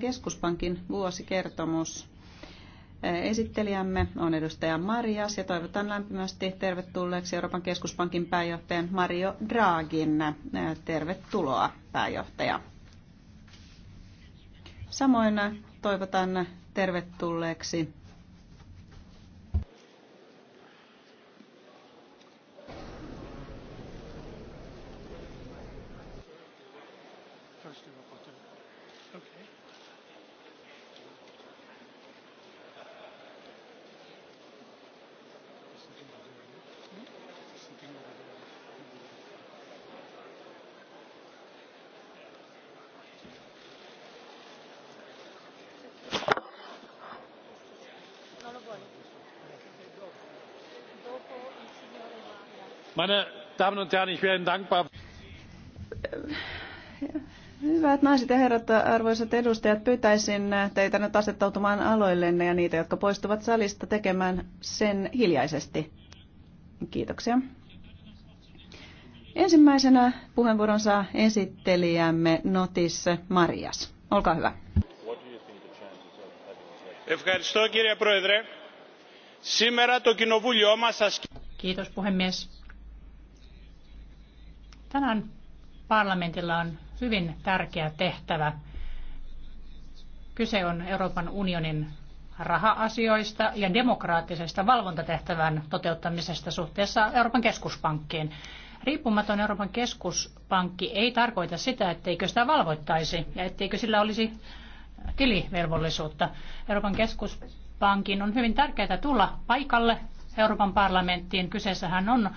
keskuspankin vuosikertomus. Esittelijämme on edustaja Marias ja toivotan lämpimästi tervetulleeksi Euroopan keskuspankin pääjohtajan Mario Draghin. Tervetuloa pääjohtaja. Samoin toivotan tervetulleeksi Meine Damen und Herren, ich wäre dankbar. Hyvät naiset ja herrat, arvoisat edustajat, pyytäisin teitä nyt asettautumaan aloillenne ja niitä, jotka poistuvat salista tekemään sen hiljaisesti. Kiitoksia. Ensimmäisenä puheenvuoron saa esittelijämme Notis Marias. Olkaa hyvä. Kiitos puhemies. Tänään parlamentilla on hyvin tärkeä tehtävä. Kyse on Euroopan unionin raha-asioista ja demokraattisesta valvontatehtävän toteuttamisesta suhteessa Euroopan keskuspankkiin. Riippumaton Euroopan keskuspankki ei tarkoita sitä, etteikö sitä valvoittaisi ja etteikö sillä olisi tilivelvollisuutta. Euroopan keskuspankin on hyvin tärkeää tulla paikalle Euroopan parlamenttiin. Kyseessähän on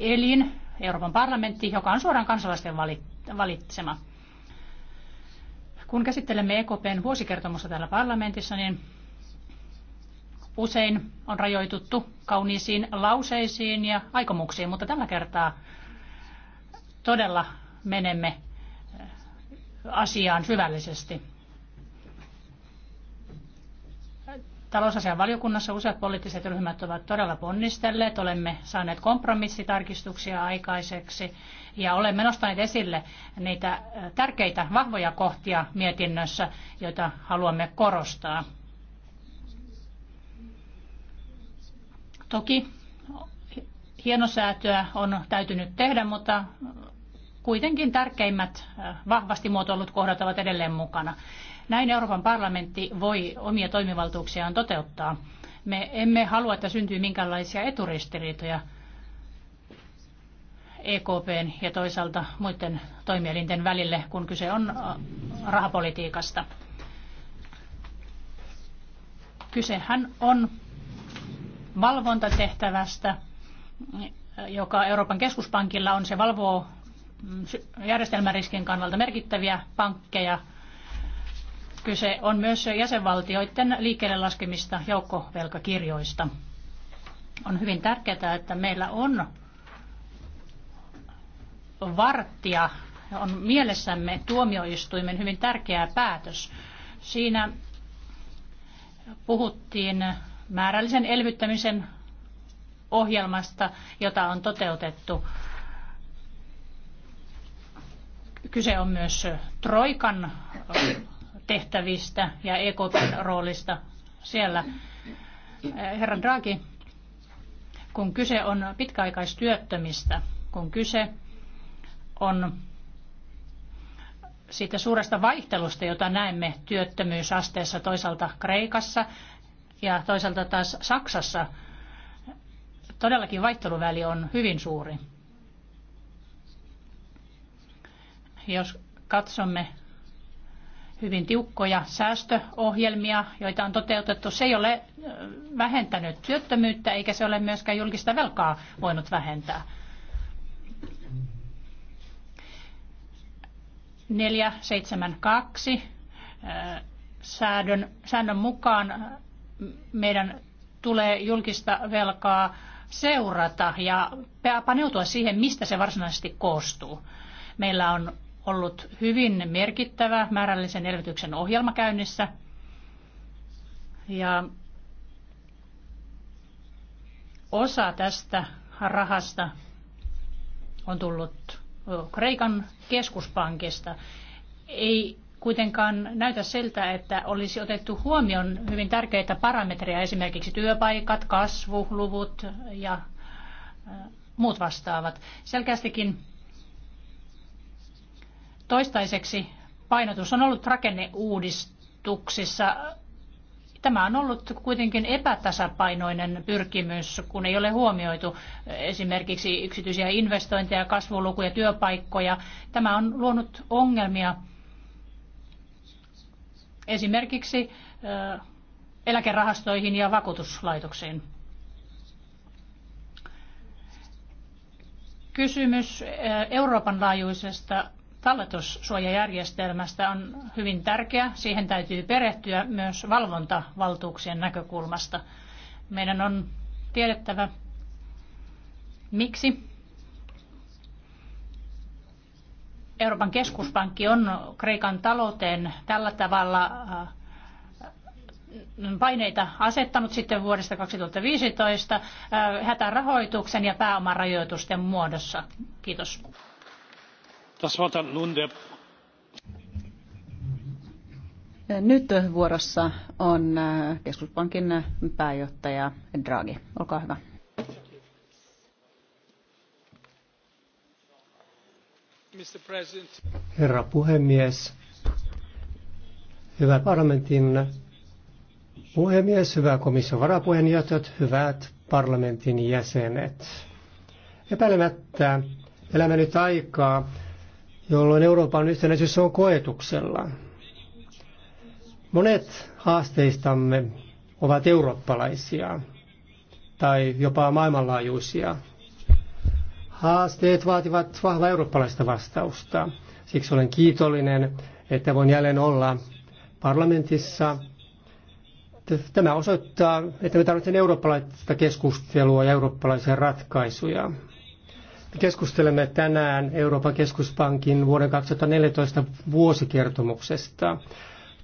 elin, Euroopan parlamentti, joka on suoraan kansalaisten valitsema. Kun käsittelemme EKPn vuosikertomusta täällä parlamentissa, niin usein on rajoituttu kauniisiin lauseisiin ja aikomuksiin, mutta tällä kertaa todella menemme äh, asiaan syvällisesti. Talousasian valiokunnassa useat poliittiset ryhmät ovat todella ponnistelleet. Olemme saaneet kompromissitarkistuksia aikaiseksi ja olemme nostaneet esille niitä tärkeitä, vahvoja kohtia mietinnössä, joita haluamme korostaa. Toki hienosäätöä on täytynyt tehdä, mutta kuitenkin tärkeimmät vahvasti muotoillut kohdat ovat edelleen mukana. Näin Euroopan parlamentti voi omia toimivaltuuksiaan toteuttaa. Me emme halua, että syntyy minkäänlaisia eturistiriitoja EKPn ja toisaalta muiden toimielinten välille, kun kyse on rahapolitiikasta. Kysehän on valvontatehtävästä, joka Euroopan keskuspankilla on. Se valvoo mm, järjestelmäriskin kannalta merkittäviä pankkeja – Kyse on myös jäsenvaltioiden liikkeelle laskemista joukkovelkakirjoista. On hyvin tärkeää, että meillä on varttia, on mielessämme tuomioistuimen hyvin tärkeä päätös. Siinä puhuttiin määrällisen elvyttämisen ohjelmasta, jota on toteutettu. Kyse on myös Troikan tehtävistä ja EKPn roolista siellä. Eh, herra Draghi, kun kyse on pitkäaikaistyöttömistä, kun kyse on siitä suuresta vaihtelusta, jota näemme työttömyysasteessa toisaalta Kreikassa ja toisaalta taas Saksassa, todellakin vaihteluväli on hyvin suuri. Jos katsomme hyvin tiukkoja säästöohjelmia, joita on toteutettu. Se ei ole vähentänyt työttömyyttä eikä se ole myöskään julkista velkaa voinut vähentää. Neljä, seitsemän, kaksi. Säädön, säännön mukaan meidän tulee julkista velkaa seurata ja paneutua siihen, mistä se varsinaisesti koostuu. Meillä on ollut hyvin merkittävä määrällisen elvytyksen ohjelma käynnissä. Ja osa tästä rahasta on tullut Kreikan keskuspankista. Ei kuitenkaan näytä siltä, että olisi otettu huomioon hyvin tärkeitä parametreja, esimerkiksi työpaikat, kasvuluvut ja muut vastaavat. Selkeästikin Toistaiseksi painotus on ollut rakenneuudistuksissa. Tämä on ollut kuitenkin epätasapainoinen pyrkimys, kun ei ole huomioitu esimerkiksi yksityisiä investointeja, kasvulukuja, työpaikkoja. Tämä on luonut ongelmia esimerkiksi eläkerahastoihin ja vakuutuslaitoksiin. Kysymys Euroopan laajuisesta Talletussuojajärjestelmästä on hyvin tärkeä. Siihen täytyy perehtyä myös valvontavaltuuksien näkökulmasta. Meidän on tiedettävä, miksi Euroopan keskuspankki on Kreikan talouteen tällä tavalla äh, paineita asettanut sitten vuodesta 2015 äh, hätärahoituksen ja pääomarajoitusten muodossa. Kiitos. Nyt vuorossa on äh, keskuspankin pääjohtaja Draghi. Olkaa hyvä. Herra puhemies, hyvä parlamentin puhemies, hyvä komission varapuheenjohtajat, hyvät parlamentin jäsenet. Epäilemättä elämme nyt aikaa, jolloin Euroopan yhtenäisyys on koetuksella. Monet haasteistamme ovat eurooppalaisia tai jopa maailmanlaajuisia. Haasteet vaativat vahvaa eurooppalaista vastausta. Siksi olen kiitollinen, että voin jälleen olla parlamentissa. Tämä osoittaa, että me tarvitsemme eurooppalaista keskustelua ja eurooppalaisia ratkaisuja. Keskustelemme tänään Euroopan keskuspankin vuoden 2014 vuosikertomuksesta.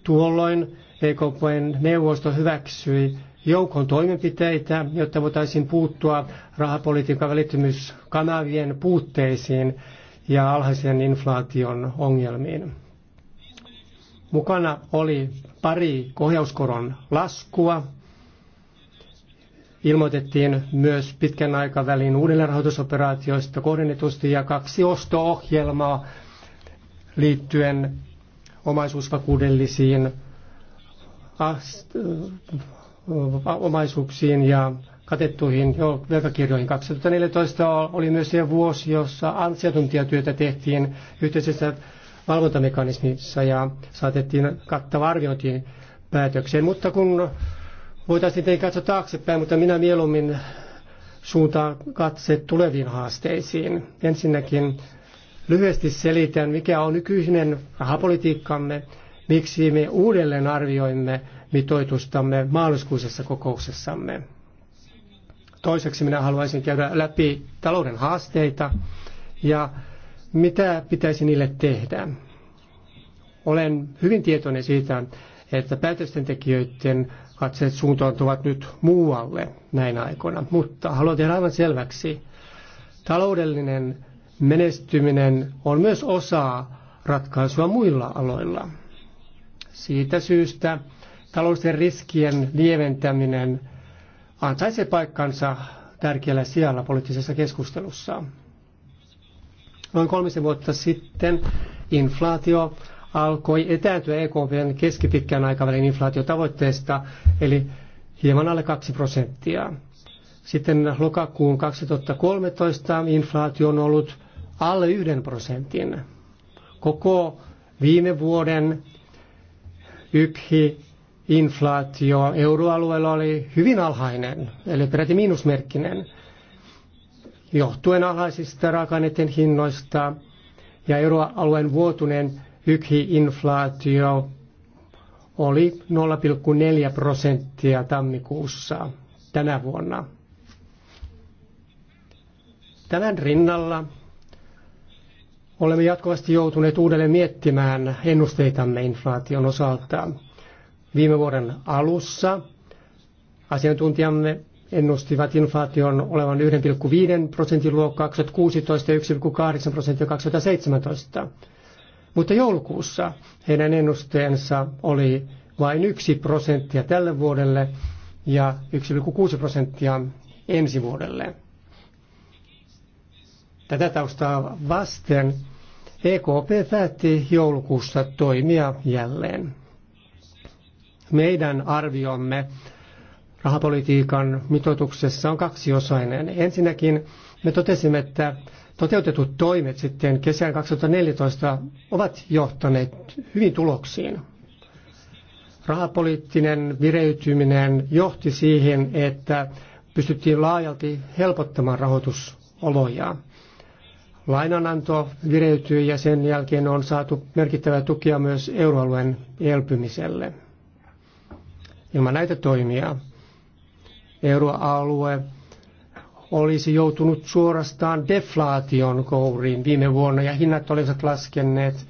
Tuolloin EKPn neuvosto hyväksyi joukon toimenpiteitä, jotta voitaisiin puuttua rahapolitiikan välittymyskanavien puutteisiin ja alhaisen inflaation ongelmiin. Mukana oli pari kohjauskoron laskua Ilmoitettiin myös pitkän aikavälin uudelleenrahoitusoperaatioista kohdennetusti ja kaksi osto-ohjelmaa liittyen omaisuusvakuudellisiin omaisuuksiin ja katettuihin velkakirjoihin. 2014 oli myös se vuosi, jossa ansiantuntijatyötä tehtiin yhteisessä valvontamekanismissa ja saatettiin kattava arviointi päätökseen. Mutta kun Voitaisiin tehdä katsoa taaksepäin, mutta minä mieluummin suuntaan katse tuleviin haasteisiin. Ensinnäkin lyhyesti selitän, mikä on nykyinen rahapolitiikkamme, miksi me uudelleen arvioimme mitoitustamme maaliskuisessa kokouksessamme. Toiseksi minä haluaisin käydä läpi talouden haasteita ja mitä pitäisi niille tehdä. Olen hyvin tietoinen siitä, että päätöstentekijöiden katseet suuntautuvat nyt muualle näin aikoina. Mutta haluan tehdä aivan selväksi, taloudellinen menestyminen on myös osa ratkaisua muilla aloilla. Siitä syystä talousten riskien lieventäminen antaisi paikkansa tärkeällä sijalla poliittisessa keskustelussa. Noin kolmisen vuotta sitten inflaatio alkoi etääntyä EKPn keskipitkän aikavälin inflaatiotavoitteesta, eli hieman alle 2 prosenttia. Sitten lokakuun 2013 inflaatio on ollut alle 1 prosentin. Koko viime vuoden yksi inflaatio euroalueella oli hyvin alhainen, eli peräti miinusmerkkinen, johtuen alhaisista raaka-aineiden hinnoista ja euroalueen vuotuneen Hyki-inflaatio oli 0,4 prosenttia tammikuussa tänä vuonna. Tämän rinnalla olemme jatkuvasti joutuneet uudelleen miettimään ennusteitamme inflaation osalta. Viime vuoden alussa asiantuntijamme ennustivat inflaation olevan 1,5 prosentin luokkaa 2016 ja 1,8 prosenttia 2017. Mutta joulukuussa heidän ennusteensa oli vain 1 prosenttia tälle vuodelle ja 1,6 prosenttia ensi vuodelle. Tätä taustaa vasten EKP päätti joulukuussa toimia jälleen. Meidän arviomme rahapolitiikan mitoituksessa on kaksiosainen. Ensinnäkin me totesimme, että toteutetut toimet sitten kesän 2014 ovat johtaneet hyvin tuloksiin. Rahapoliittinen vireytyminen johti siihen, että pystyttiin laajalti helpottamaan rahoitusoloja. Lainananto vireytyi ja sen jälkeen on saatu merkittävää tukea myös euroalueen elpymiselle. Ilman näitä toimia euroalue olisi joutunut suorastaan deflaation kouriin viime vuonna ja hinnat olisivat laskenneet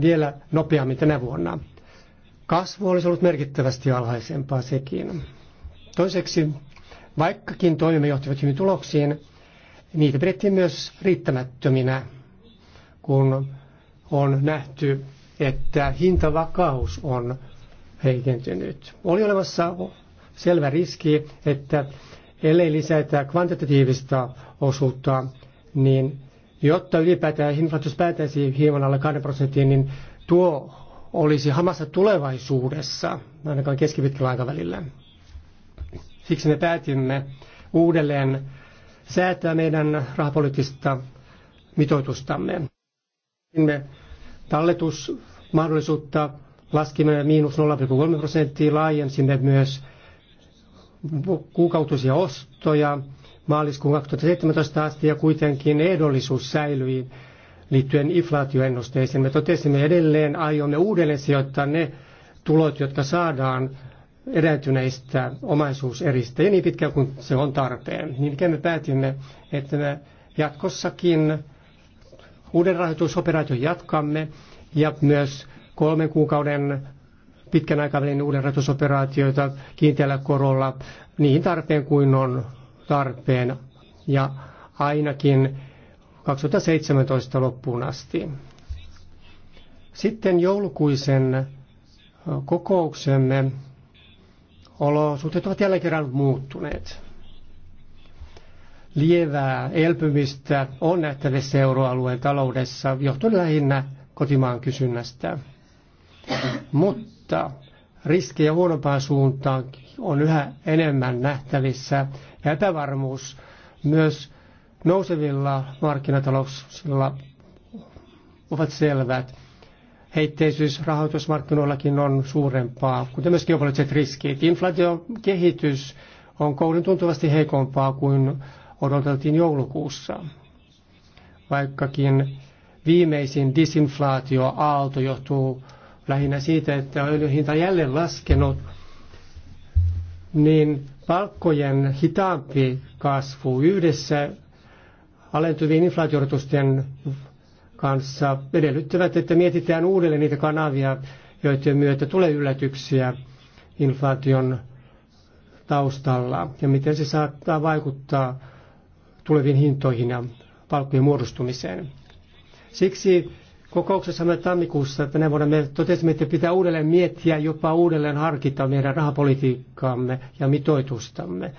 vielä nopeammin tänä vuonna. Kasvu olisi ollut merkittävästi alhaisempaa sekin. Toiseksi, vaikkakin toimimme johtivat hyvin tuloksiin, niitä pidettiin myös riittämättöminä, kun on nähty, että hintavakaus on heikentynyt. Oli olemassa selvä riski, että ellei lisätä kvantitatiivista osuutta, niin jotta ylipäätään inflaatio päätäisi hieman alle 2 prosenttiin, niin tuo olisi hamassa tulevaisuudessa, ainakaan keskipitkällä aikavälillä. Siksi me päätimme uudelleen säätää meidän rahapoliittista mitoitustamme. Me talletusmahdollisuutta laskimme miinus 0,3 prosenttia, laajensimme myös kuukautuisia ostoja maaliskuun 2017 asti ja kuitenkin ehdollisuus säilyi liittyen inflaatioennusteisiin. Me totesimme edelleen, aiomme uudelleen sijoittaa ne tulot, jotka saadaan erääntyneistä omaisuuseristä ja niin pitkään kuin se on tarpeen. Niin me päätimme, että me jatkossakin uuden rahoitusoperaation jatkamme ja myös kolmen kuukauden pitkän aikavälin uuden ratusoperaatioita kiinteällä korolla niin tarpeen kuin on tarpeen ja ainakin 2017 loppuun asti. Sitten joulukuisen kokouksemme olosuhteet ovat jälleen kerran muuttuneet. Lievää elpymistä on nähtävissä euroalueen taloudessa johtuen lähinnä kotimaan kysynnästä. Mutta mutta riskejä huonompaan suuntaan on yhä enemmän nähtävissä ja epävarmuus myös nousevilla markkinatalouksilla ovat selvät. Heitteisyys rahoitusmarkkinoillakin on suurempaa, kuten myös geopoliittiset riskit. Inflaatiokehitys on kourin tuntuvasti heikompaa kuin odoteltiin joulukuussa. Vaikkakin viimeisin disinflaatioaalto johtuu lähinnä siitä, että öljyn hinta on jälleen laskenut, niin palkkojen hitaampi kasvu yhdessä alentuvien inflaatiorotusten kanssa edellyttävät, että mietitään uudelleen niitä kanavia, joiden myötä tulee yllätyksiä inflaation taustalla ja miten se saattaa vaikuttaa tuleviin hintoihin ja palkkojen muodostumiseen. Siksi kokouksessamme tammikuussa tänä vuonna me totesimme, että pitää uudelleen miettiä, jopa uudelleen harkita meidän rahapolitiikkaamme ja mitoitustamme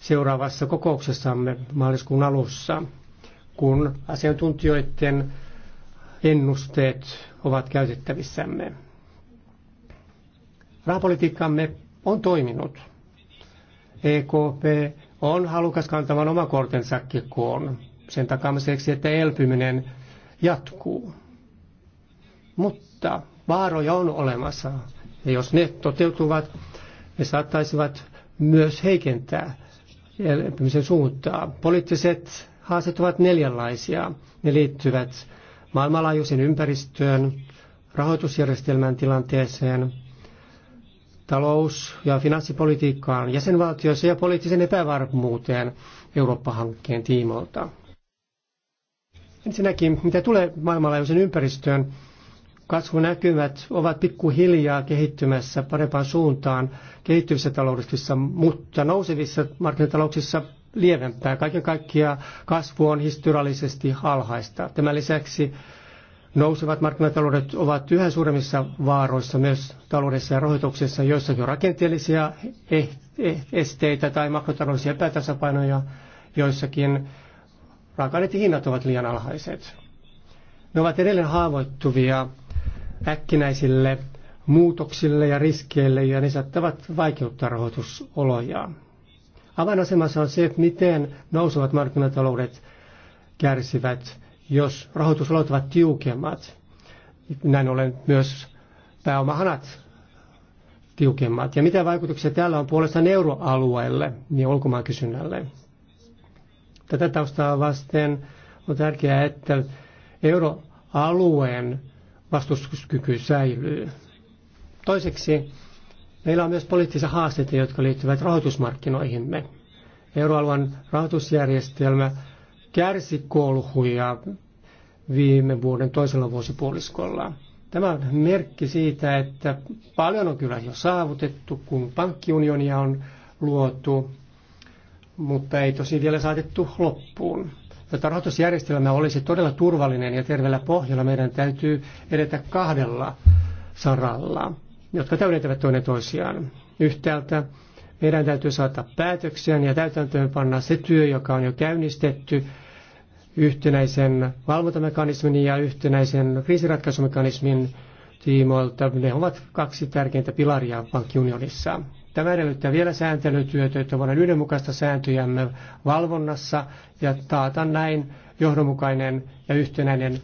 seuraavassa kokouksessamme maaliskuun alussa, kun asiantuntijoiden ennusteet ovat käytettävissämme. Rahapolitiikkamme on toiminut. EKP on halukas kantamaan oma kortensa kekoon sen takaamiseksi, että elpyminen jatkuu. Mutta vaaroja on olemassa. Ja jos ne toteutuvat, ne saattaisivat myös heikentää elpymisen suuntaa. Poliittiset haasteet ovat neljänlaisia. Ne liittyvät maailmanlaajuisen ympäristöön, rahoitusjärjestelmän tilanteeseen, talous- ja finanssipolitiikkaan jäsenvaltioissa ja poliittisen epävarmuuteen Eurooppa-hankkeen tiimoilta. Ensinnäkin, mitä tulee maailmanlaajuisen ympäristöön, Kasvunäkymät ovat pikkuhiljaa kehittymässä parempaan suuntaan kehittyvissä talouksissa, mutta nousevissa markkinatalouksissa lievempää. Kaiken kaikkiaan kasvu on historiallisesti alhaista. Tämän lisäksi nousevat markkinataloudet ovat yhä suuremmissa vaaroissa myös taloudessa ja rahoituksessa, joissa on rakenteellisia e- e- esteitä tai makrotaloudellisia epätasapainoja, joissakin raaka hinnat ovat liian alhaiset. Ne ovat edelleen haavoittuvia äkkinäisille muutoksille ja riskeille ja ne saattavat vaikeuttaa rahoitusolojaan. Avainasemassa on se, että miten nousevat markkinataloudet kärsivät, jos rahoitusolot ovat tiukemmat. Näin ollen myös pääomahanat tiukemmat. Ja mitä vaikutuksia tällä on puolestaan euroalueelle ja niin ulkomaan kysynnälle? Tätä taustaa vasten on tärkeää, että euroalueen vastustuskyky säilyy. Toiseksi meillä on myös poliittisia haasteita, jotka liittyvät rahoitusmarkkinoihimme. Euroalueen rahoitusjärjestelmä kärsi kolhuja viime vuoden toisella vuosipuoliskolla. Tämä on merkki siitä, että paljon on kyllä jo saavutettu, kun pankkiunionia on luotu, mutta ei tosi vielä saatettu loppuun. Jotta rahoitusjärjestelmä olisi todella turvallinen ja terveellä pohjalla, meidän täytyy edetä kahdella saralla, jotka täydentävät toinen toisiaan. Yhtäältä meidän täytyy saada päätöksiä ja täytäntöön panna se työ, joka on jo käynnistetty yhtenäisen valvontamekanismin ja yhtenäisen kriisiratkaisumekanismin tiimoilta. Ne ovat kaksi tärkeintä pilaria pankkiunionissa. Tämä edellyttää vielä sääntelytyötä, että voidaan yhdenmukaista sääntöjämme valvonnassa ja taata näin johdonmukainen ja yhtenäinen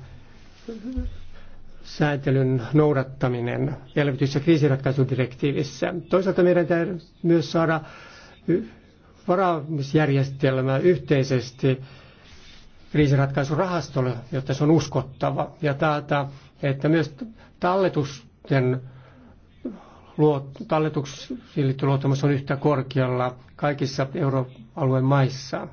sääntelyn noudattaminen elvytys- ja kriisiratkaisudirektiivissä. Toisaalta meidän täytyy myös saada varaamisjärjestelmä yhteisesti kriisiratkaisurahastolle, jotta se on uskottava ja taata, että myös talletusten Luot talletuksiin liittyvä luottamus on yhtä korkealla kaikissa euroalueen maissa.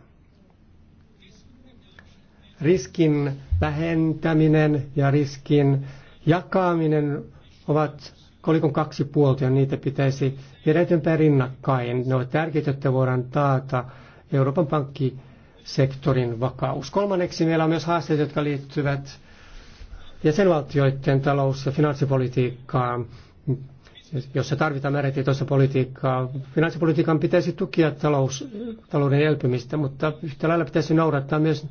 Riskin vähentäminen ja riskin jakaminen ovat kolikon kaksi puolta ja niitä pitäisi viedä eteenpäin rinnakkain. Ne ovat tärkeitä, että voidaan taata Euroopan pankkisektorin vakaus. Kolmanneksi meillä on myös haasteet, jotka liittyvät jäsenvaltioiden talous- ja finanssipolitiikkaan jossa tarvitaan määrätietoista politiikkaa. Finanssipolitiikan pitäisi tukea talous, talouden elpymistä, mutta yhtä lailla pitäisi noudattaa myös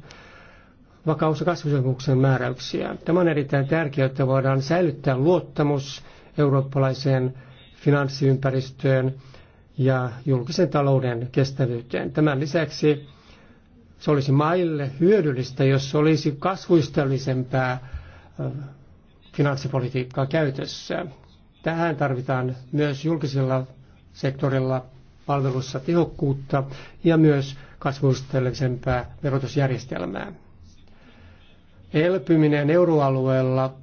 vakaus- ja kasvusopimuksen määräyksiä. Tämä on erittäin tärkeää, että voidaan säilyttää luottamus eurooppalaiseen finanssiympäristöön ja julkisen talouden kestävyyteen. Tämän lisäksi se olisi maille hyödyllistä, jos olisi kasvuistellisempää finanssipolitiikkaa käytössä. Tähän tarvitaan myös julkisella sektorilla palvelussa tehokkuutta ja myös kasvustelevisempää verotusjärjestelmää. Elpyminen euroalueella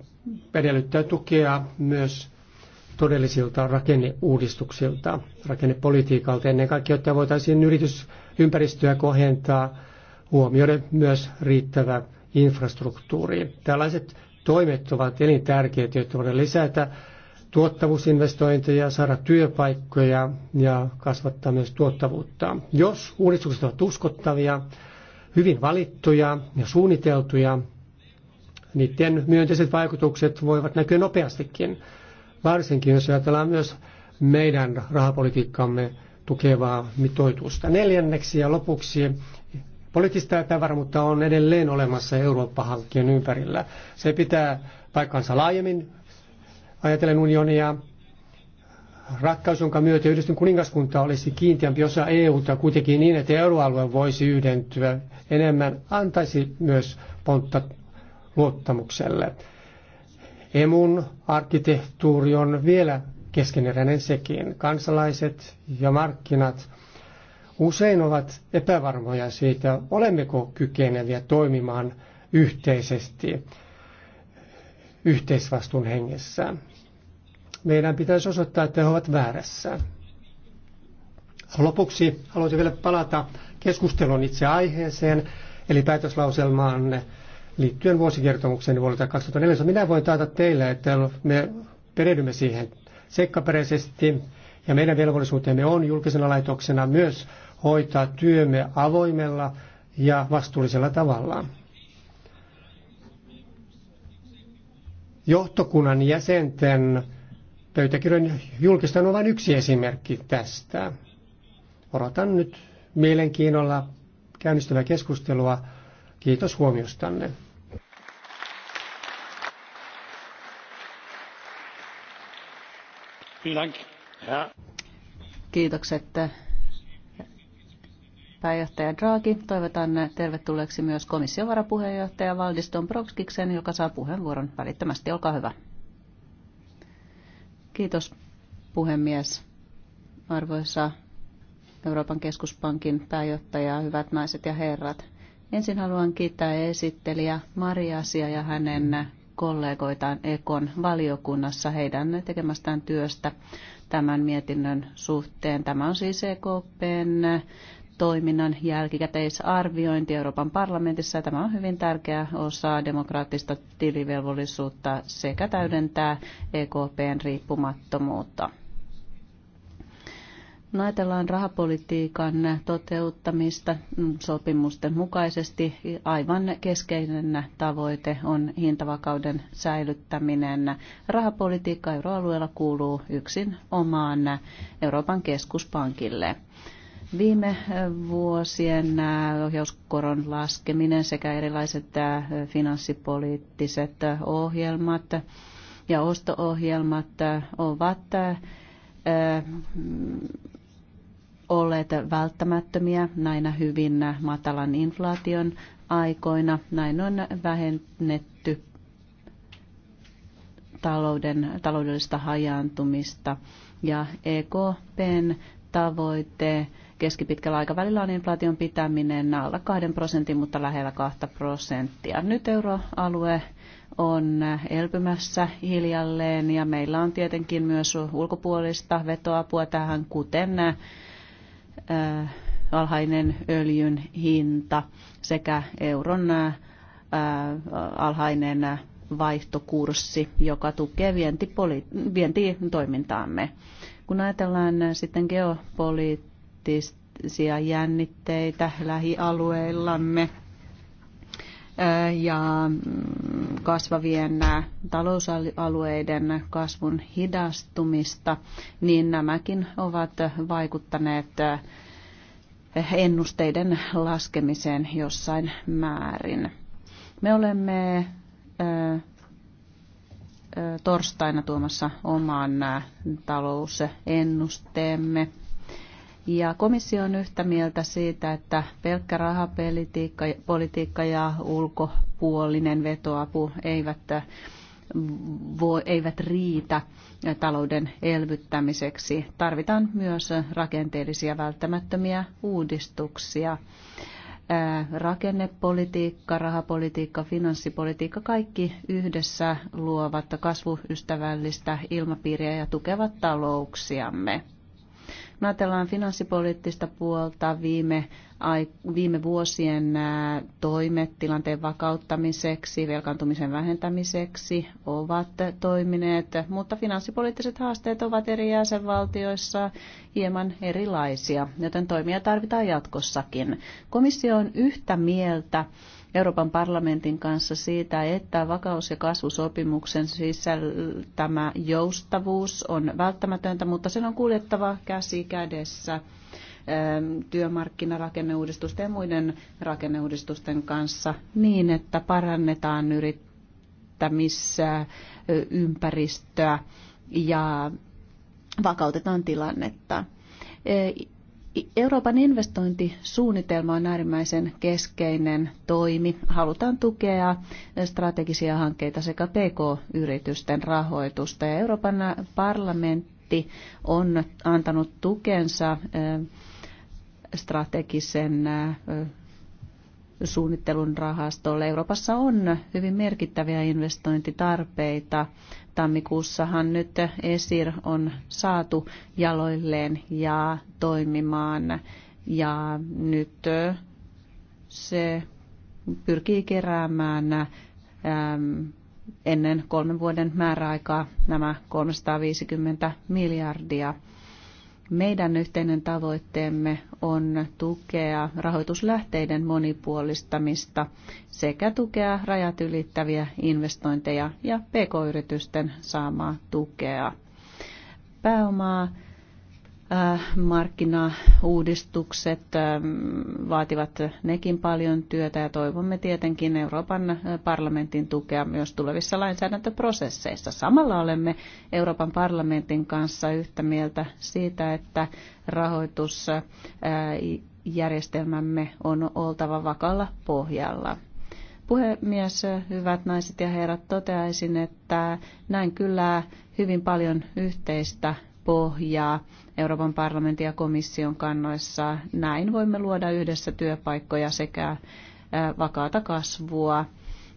edellyttää tukea myös todellisilta rakenneuudistuksilta, rakennepolitiikalta ennen kaikkea, jotta voitaisiin yritysympäristöä kohentaa, huomioiden myös riittävä infrastruktuuri. Tällaiset toimet ovat elintärkeitä, jotta voidaan lisätä tuottavuusinvestointeja, saada työpaikkoja ja kasvattaa myös tuottavuutta. Jos uudistukset ovat uskottavia, hyvin valittuja ja suunniteltuja, niiden myönteiset vaikutukset voivat näkyä nopeastikin, varsinkin jos ajatellaan myös meidän rahapolitiikkamme tukevaa mitoitusta. Neljänneksi ja lopuksi poliittista epävarmuutta on edelleen olemassa Eurooppa-hankkeen ympärillä. Se pitää paikkansa laajemmin ajatellen unionia, ratkaisu, jonka myötä yhdistyn kuningaskunta olisi kiinteämpi osa EUta kuitenkin niin, että euroalue voisi yhdentyä enemmän, antaisi myös pontta luottamukselle. Emun arkkitehtuuri on vielä keskeneräinen sekin. Kansalaiset ja markkinat usein ovat epävarmoja siitä, olemmeko kykeneviä toimimaan yhteisesti yhteisvastuun hengessä meidän pitäisi osoittaa, että he ovat väärässä. Lopuksi haluaisin vielä palata keskustelun itse aiheeseen, eli päätöslauselmaan liittyen vuosikertomukseen vuodelta 2014. Minä voin taata teille, että me perehdymme siihen seikkaperäisesti, ja meidän velvollisuutemme on julkisena laitoksena myös hoitaa työmme avoimella ja vastuullisella tavalla. Johtokunnan jäsenten Pöytäkirjan julkistaminen on vain yksi esimerkki tästä. Odotan nyt mielenkiinnolla käynnistyvää keskustelua. Kiitos huomiostanne. Kiitokset pääjohtaja Draghi. Toivotan tervetulleeksi myös komission varapuheenjohtaja Valdis Dombrovskiksen, joka saa puheenvuoron välittömästi. Olkaa hyvä. Kiitos puhemies. Arvoisa Euroopan keskuspankin pääjohtaja, hyvät naiset ja herrat. Ensin haluan kiittää esittelijä Mariasia ja hänen kollegoitaan Ekon valiokunnassa heidän tekemästään työstä tämän mietinnön suhteen. Tämä on siis EKPn toiminnan jälkikäteisarviointi Euroopan parlamentissa. Tämä on hyvin tärkeä osa demokraattista tilivelvollisuutta sekä täydentää EKPn riippumattomuutta. No, ajatellaan rahapolitiikan toteuttamista sopimusten mukaisesti. Aivan keskeinen tavoite on hintavakauden säilyttäminen. Rahapolitiikka euroalueella kuuluu yksin omaan Euroopan keskuspankille. Viime eh, vuosien eh, ohjauskoron laskeminen sekä erilaiset eh, finanssipoliittiset ohjelmat ja osto-ohjelmat ovat olleet välttämättömiä näinä hyvin matalan inflaation aikoina. Näin on vähennetty talouden, taloudellista hajaantumista ja EKPn tavoite keskipitkällä aikavälillä on inflaation pitäminen alla 2 prosentin, mutta lähellä 2 prosenttia. Nyt euroalue on elpymässä hiljalleen ja meillä on tietenkin myös ulkopuolista vetoapua tähän, kuten alhainen öljyn hinta sekä euron alhainen vaihtokurssi, joka tukee vientipoli- vientitoimintaamme. Kun ajatellaan sitten geopoliittista, poliittisia jännitteitä lähialueillamme ja mm, kasvavien talousalueiden kasvun hidastumista, niin nämäkin ovat vaikuttaneet ennusteiden laskemiseen jossain määrin. Me olemme torstaina tuomassa oman talousennusteemme ja komissio on yhtä mieltä siitä, että pelkkä rahapolitiikka ja ulkopuolinen vetoapu eivät, voi, eivät riitä talouden elvyttämiseksi. Tarvitaan myös rakenteellisia välttämättömiä uudistuksia rakennepolitiikka, rahapolitiikka, finanssipolitiikka, kaikki yhdessä luovat kasvuystävällistä ilmapiiriä ja tukevat talouksiamme. Me ajatellaan finanssipoliittista puolta viime, viime vuosien toimet tilanteen vakauttamiseksi, velkaantumisen vähentämiseksi ovat toimineet, mutta finanssipoliittiset haasteet ovat eri jäsenvaltioissa hieman erilaisia, joten toimia tarvitaan jatkossakin. Komissio on yhtä mieltä Euroopan parlamentin kanssa siitä, että vakaus- ja kasvusopimuksen sisältämä joustavuus on välttämätöntä, mutta sen on kuljettava käsi kädessä ähm, työmarkkinarakenneuudistusten ja muiden rakenneuudistusten kanssa niin, että parannetaan äh, ympäristöä ja vakautetaan tilannetta. Äh, Euroopan investointisuunnitelma on äärimmäisen keskeinen toimi. Halutaan tukea strategisia hankkeita sekä PK-yritysten rahoitusta. Ja Euroopan parlamentti on antanut tukensa strategisen suunnittelun rahastolle. Euroopassa on hyvin merkittäviä investointitarpeita Tammikuussahan nyt ESIR on saatu jaloilleen ja toimimaan ja nyt se pyrkii keräämään ähm, ennen kolmen vuoden määräaikaa nämä 350 miljardia meidän yhteinen tavoitteemme on tukea rahoituslähteiden monipuolistamista sekä tukea rajat ylittäviä investointeja ja pk-yritysten saamaa tukea. Pääomaa markkinauudistukset ähm, vaativat nekin paljon työtä ja toivomme tietenkin Euroopan äh, parlamentin tukea myös tulevissa lainsäädäntöprosesseissa. Samalla olemme Euroopan parlamentin kanssa yhtä mieltä siitä, että rahoitusjärjestelmämme äh, on oltava vakalla pohjalla puhemies, hyvät naiset ja herrat, toteaisin, että näin kyllä hyvin paljon yhteistä pohjaa Euroopan parlamentin ja komission kannoissa. Näin voimme luoda yhdessä työpaikkoja sekä vakaata kasvua.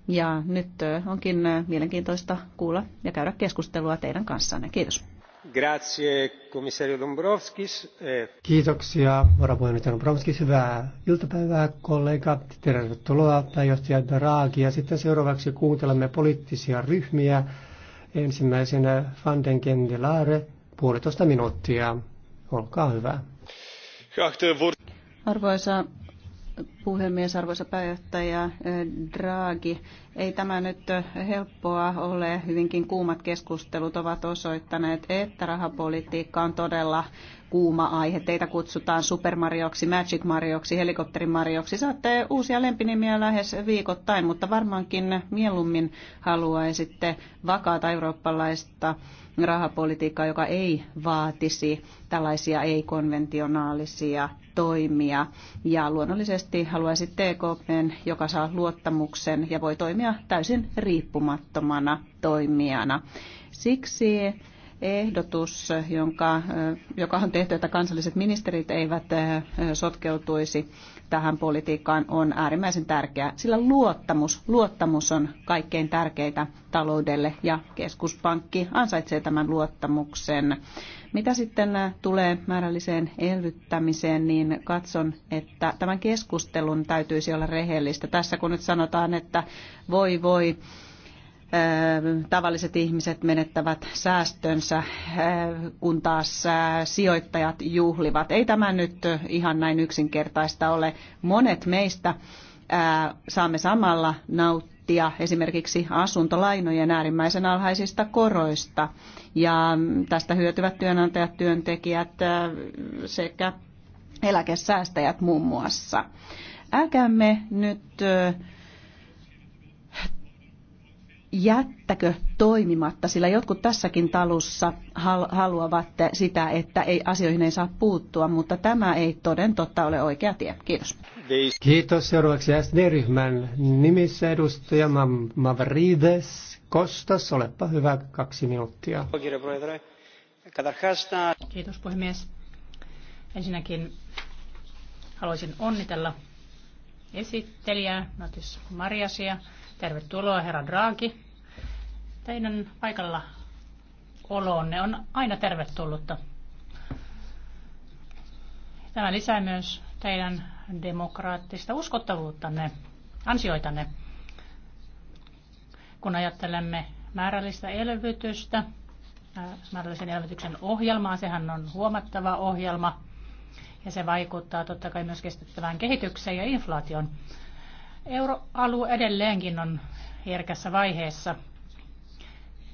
Ja nyt onkin mielenkiintoista kuulla ja käydä keskustelua teidän kanssanne. Kiitos. Grazie, komissario Dombrovskis. E- Kiitoksia, varapuheenjohtaja Dombrovskis. Hyvää iltapäivää, kollega. Tervetuloa, pääjohtaja Draghi. Ja sitten seuraavaksi kuuntelemme poliittisia ryhmiä. Ensimmäisenä Van Gendelare puolitoista minuuttia. Olkaa hyvä. Arvoisa puhemies, arvoisa pääjohtaja eh, Draghi. Ei tämä nyt eh, helppoa ole. Hyvinkin kuumat keskustelut ovat osoittaneet, että rahapolitiikka on todella kuuma aihe. Teitä kutsutaan Super Marioksi, Magic Marioksi, Helikopterin Marioksi. Saatte uusia lempinimiä lähes viikoittain, mutta varmaankin mieluummin haluaisitte vakaata eurooppalaista rahapolitiikkaa, joka ei vaatisi tällaisia ei-konventionaalisia toimia. Ja luonnollisesti haluaisit TKP, e joka saa luottamuksen ja voi toimia täysin riippumattomana toimijana. Siksi ehdotus, jonka, joka on tehty, että kansalliset ministerit eivät sotkeutuisi tähän politiikkaan, on äärimmäisen tärkeä, sillä luottamus, luottamus on kaikkein tärkeintä taloudelle ja keskuspankki ansaitsee tämän luottamuksen. Mitä sitten tulee määrälliseen elvyttämiseen, niin katson, että tämän keskustelun täytyisi olla rehellistä. Tässä kun nyt sanotaan, että voi voi, tavalliset ihmiset menettävät säästönsä, kun taas sijoittajat juhlivat. Ei tämä nyt ihan näin yksinkertaista ole. Monet meistä saamme samalla nauttia esimerkiksi asuntolainojen äärimmäisen alhaisista koroista. Ja tästä hyötyvät työnantajat, työntekijät sekä eläkesäästäjät muun muassa. Älkäämme nyt jättäkö toimimatta, sillä jotkut tässäkin talussa haluavat sitä, että ei, asioihin ei saa puuttua, mutta tämä ei toden totta ole oikea tie. Kiitos. Kiitos. Seuraavaksi SD-ryhmän nimissä edustaja Mavrides Kostas. Olepa hyvä, kaksi minuuttia. Kiitos puhemies. Ensinnäkin haluaisin onnitella esittelijää, Natis Mariasia, Tervetuloa herra Draaki. Teidän paikalla olonne on aina tervetullutta. Tämä lisää myös teidän demokraattista uskottavuuttanne, ansioitanne. Kun ajattelemme määrällistä elvytystä, määrällisen elvytyksen ohjelmaa, sehän on huomattava ohjelma, ja se vaikuttaa totta kai myös kestettävään kehitykseen ja inflaation. Euroalue edelleenkin on herkässä vaiheessa.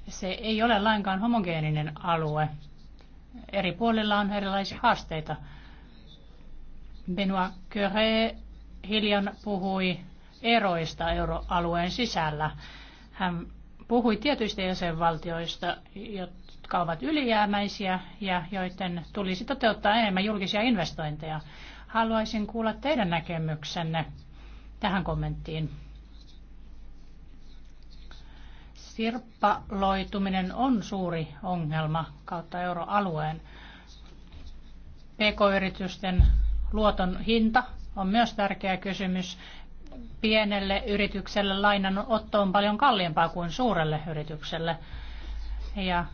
Se ei ole lainkaan homogeeninen alue. Eri puolilla on erilaisia haasteita. Benoit Curé hiljan puhui eroista euroalueen sisällä. Hän puhui tietyistä jäsenvaltioista, jotka ovat ylijäämäisiä ja joiden tulisi toteuttaa enemmän julkisia investointeja. Haluaisin kuulla teidän näkemyksenne tähän kommenttiin. Sirppaloituminen on suuri ongelma kautta euroalueen. PK-yritysten luoton hinta on myös tärkeä kysymys. Pienelle yritykselle otto on paljon kalliimpaa kuin suurelle yritykselle. Ja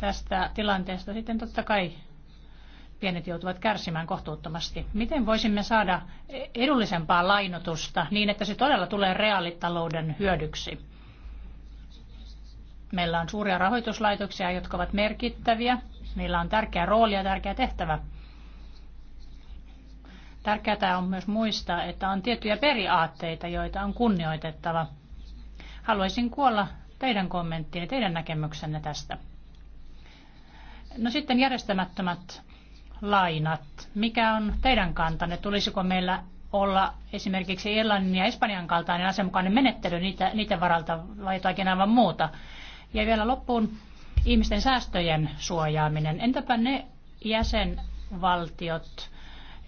tästä tilanteesta sitten totta kai pienet joutuvat kärsimään kohtuuttomasti. Miten voisimme saada edullisempaa lainotusta niin, että se todella tulee reaalitalouden hyödyksi? Meillä on suuria rahoituslaitoksia, jotka ovat merkittäviä. Niillä on tärkeä rooli ja tärkeä tehtävä. Tärkeää on myös muistaa, että on tiettyjä periaatteita, joita on kunnioitettava. Haluaisin kuolla teidän ja teidän näkemyksenne tästä. No sitten järjestämättömät lainat. Mikä on teidän kantanne? Tulisiko meillä olla esimerkiksi Irlannin ja Espanjan kaltainen asianmukainen menettely niitä, niiden varalta vai jotakin aivan muuta? Ja vielä loppuun ihmisten säästöjen suojaaminen. Entäpä ne jäsenvaltiot,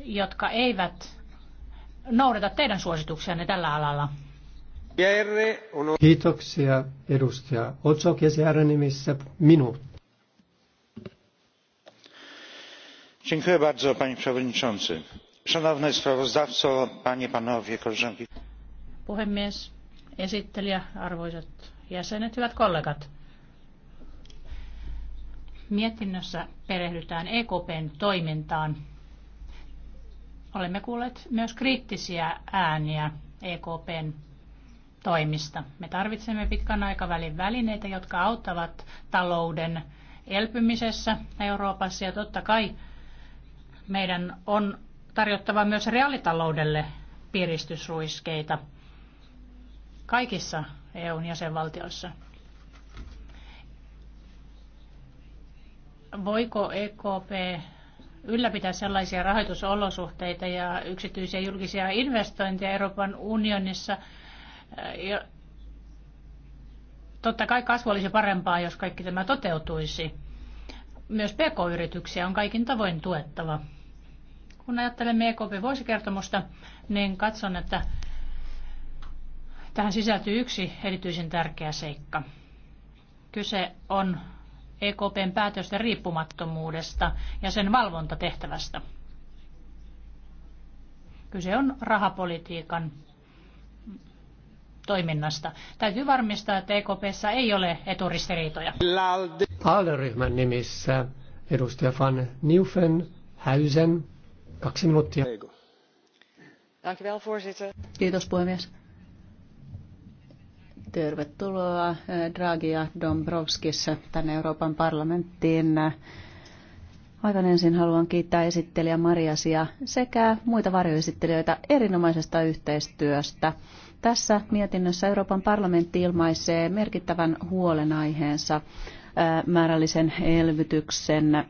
jotka eivät noudata teidän suosituksianne tällä alalla? Kiitoksia edustaja Otsok nimissä minuutti. panie przewodniczący! szanowny sprawozdawco panie panowie koleżanki. puhemies esittelijä arvoisat jäsenet hyvät kollegat mietinnössä perehdytään ekpn toimintaan. olemme kuulleet myös kriittisiä ääniä ekpn toimista. me tarvitsemme pitkän aikavälin välineitä jotka auttavat talouden elpymisessä Euroopassa ja totta kai meidän on tarjottava myös reaalitaloudelle piristysruiskeita kaikissa EUn jäsenvaltioissa. Voiko EKP ylläpitää sellaisia rahoitusolosuhteita ja yksityisiä julkisia investointeja Euroopan unionissa? Totta kai kasvu olisi parempaa, jos kaikki tämä toteutuisi. Myös pk-yrityksiä on kaikin tavoin tuettava. Kun ajattelemme EKP-vuosikertomusta, niin katson, että tähän sisältyy yksi erityisen tärkeä seikka. Kyse on EKPn päätösten riippumattomuudesta ja sen valvontatehtävästä. Kyse on rahapolitiikan toiminnasta. Täytyy varmistaa, että EKPssä ei ole eturistiriitoja. Alderyhmän nimissä edustaja Van Nieuwenhuisen. Kaksi minuuttia. Kiitos puhemies. Tervetuloa eh, Draghi ja Dombrovskis tänne Euroopan parlamenttiin. Aivan ensin haluan kiittää esittelijä Mariasia sekä muita varjoesittelijöitä erinomaisesta yhteistyöstä. Tässä mietinnössä Euroopan parlamentti ilmaisee merkittävän huolenaiheensa eh, määrällisen elvytyksen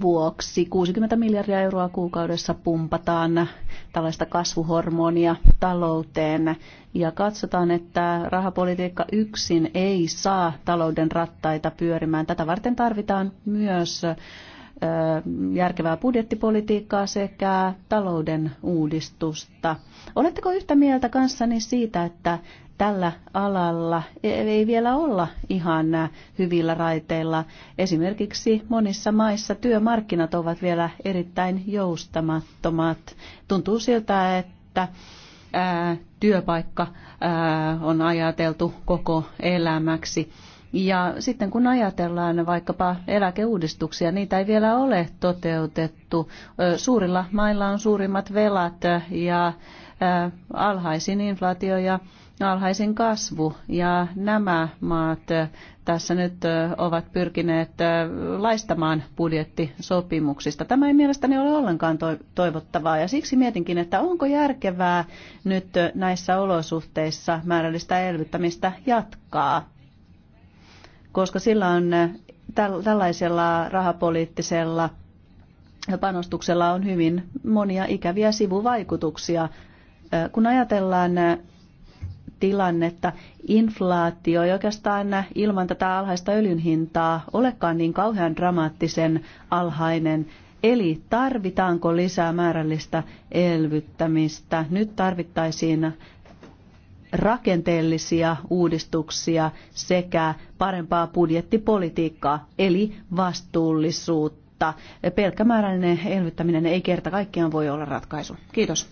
vuoksi 60 miljardia euroa kuukaudessa pumpataan tällaista kasvuhormonia talouteen ja katsotaan, että rahapolitiikka yksin ei saa talouden rattaita pyörimään. Tätä varten tarvitaan myös järkevää budjettipolitiikkaa sekä talouden uudistusta. Oletteko yhtä mieltä kanssani siitä, että tällä alalla ei vielä olla ihan hyvillä raiteilla. Esimerkiksi monissa maissa työmarkkinat ovat vielä erittäin joustamattomat. Tuntuu siltä, että ää, työpaikka ää, on ajateltu koko elämäksi. Ja sitten kun ajatellaan vaikkapa eläkeuudistuksia, niitä ei vielä ole toteutettu. Suurilla mailla on suurimmat velat ja alhaisin inflaatio ja alhaisin kasvu ja nämä maat äh, tässä nyt äh, ovat pyrkineet äh, laistamaan budjettisopimuksista. Tämä ei mielestäni ole ollenkaan toivottavaa ja siksi mietinkin, että onko järkevää nyt näissä olosuhteissa määrällistä elvyttämistä jatkaa, koska sillä on tällaisella rahapoliittisella panostuksella on hyvin monia ikäviä sivuvaikutuksia. Kun ajatellaan tilannetta. Inflaatio ei oikeastaan ilman tätä alhaista öljyn hintaa olekaan niin kauhean dramaattisen alhainen. Eli tarvitaanko lisää määrällistä elvyttämistä? Nyt tarvittaisiin rakenteellisia uudistuksia sekä parempaa budjettipolitiikkaa, eli vastuullisuutta mutta pelkkämääräinen elvyttäminen ei kerta kaikkiaan voi olla ratkaisu. Kiitos.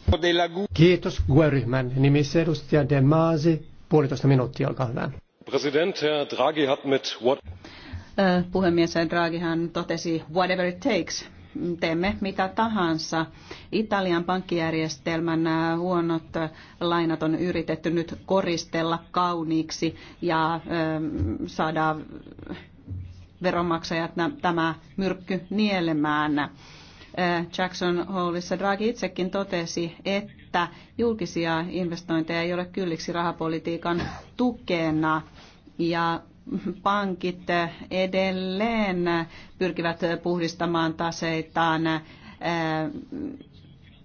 Kiitos Gueryhmän nimissä edustaja De Maasi. Puolitoista minuuttia, olkaa hyvä. President Draghi hat mit what... Puhemies Draghi hän totesi whatever it takes teemme mitä tahansa. Italian pankkijärjestelmän huonot lainat on yritetty nyt koristella kauniiksi ja saada veronmaksajat tämä myrkky nielemään. Äh, Jackson Holeissa Draghi itsekin totesi, että julkisia investointeja ei ole kylliksi rahapolitiikan tukena ja pankit edelleen pyrkivät puhdistamaan taseitaan äh,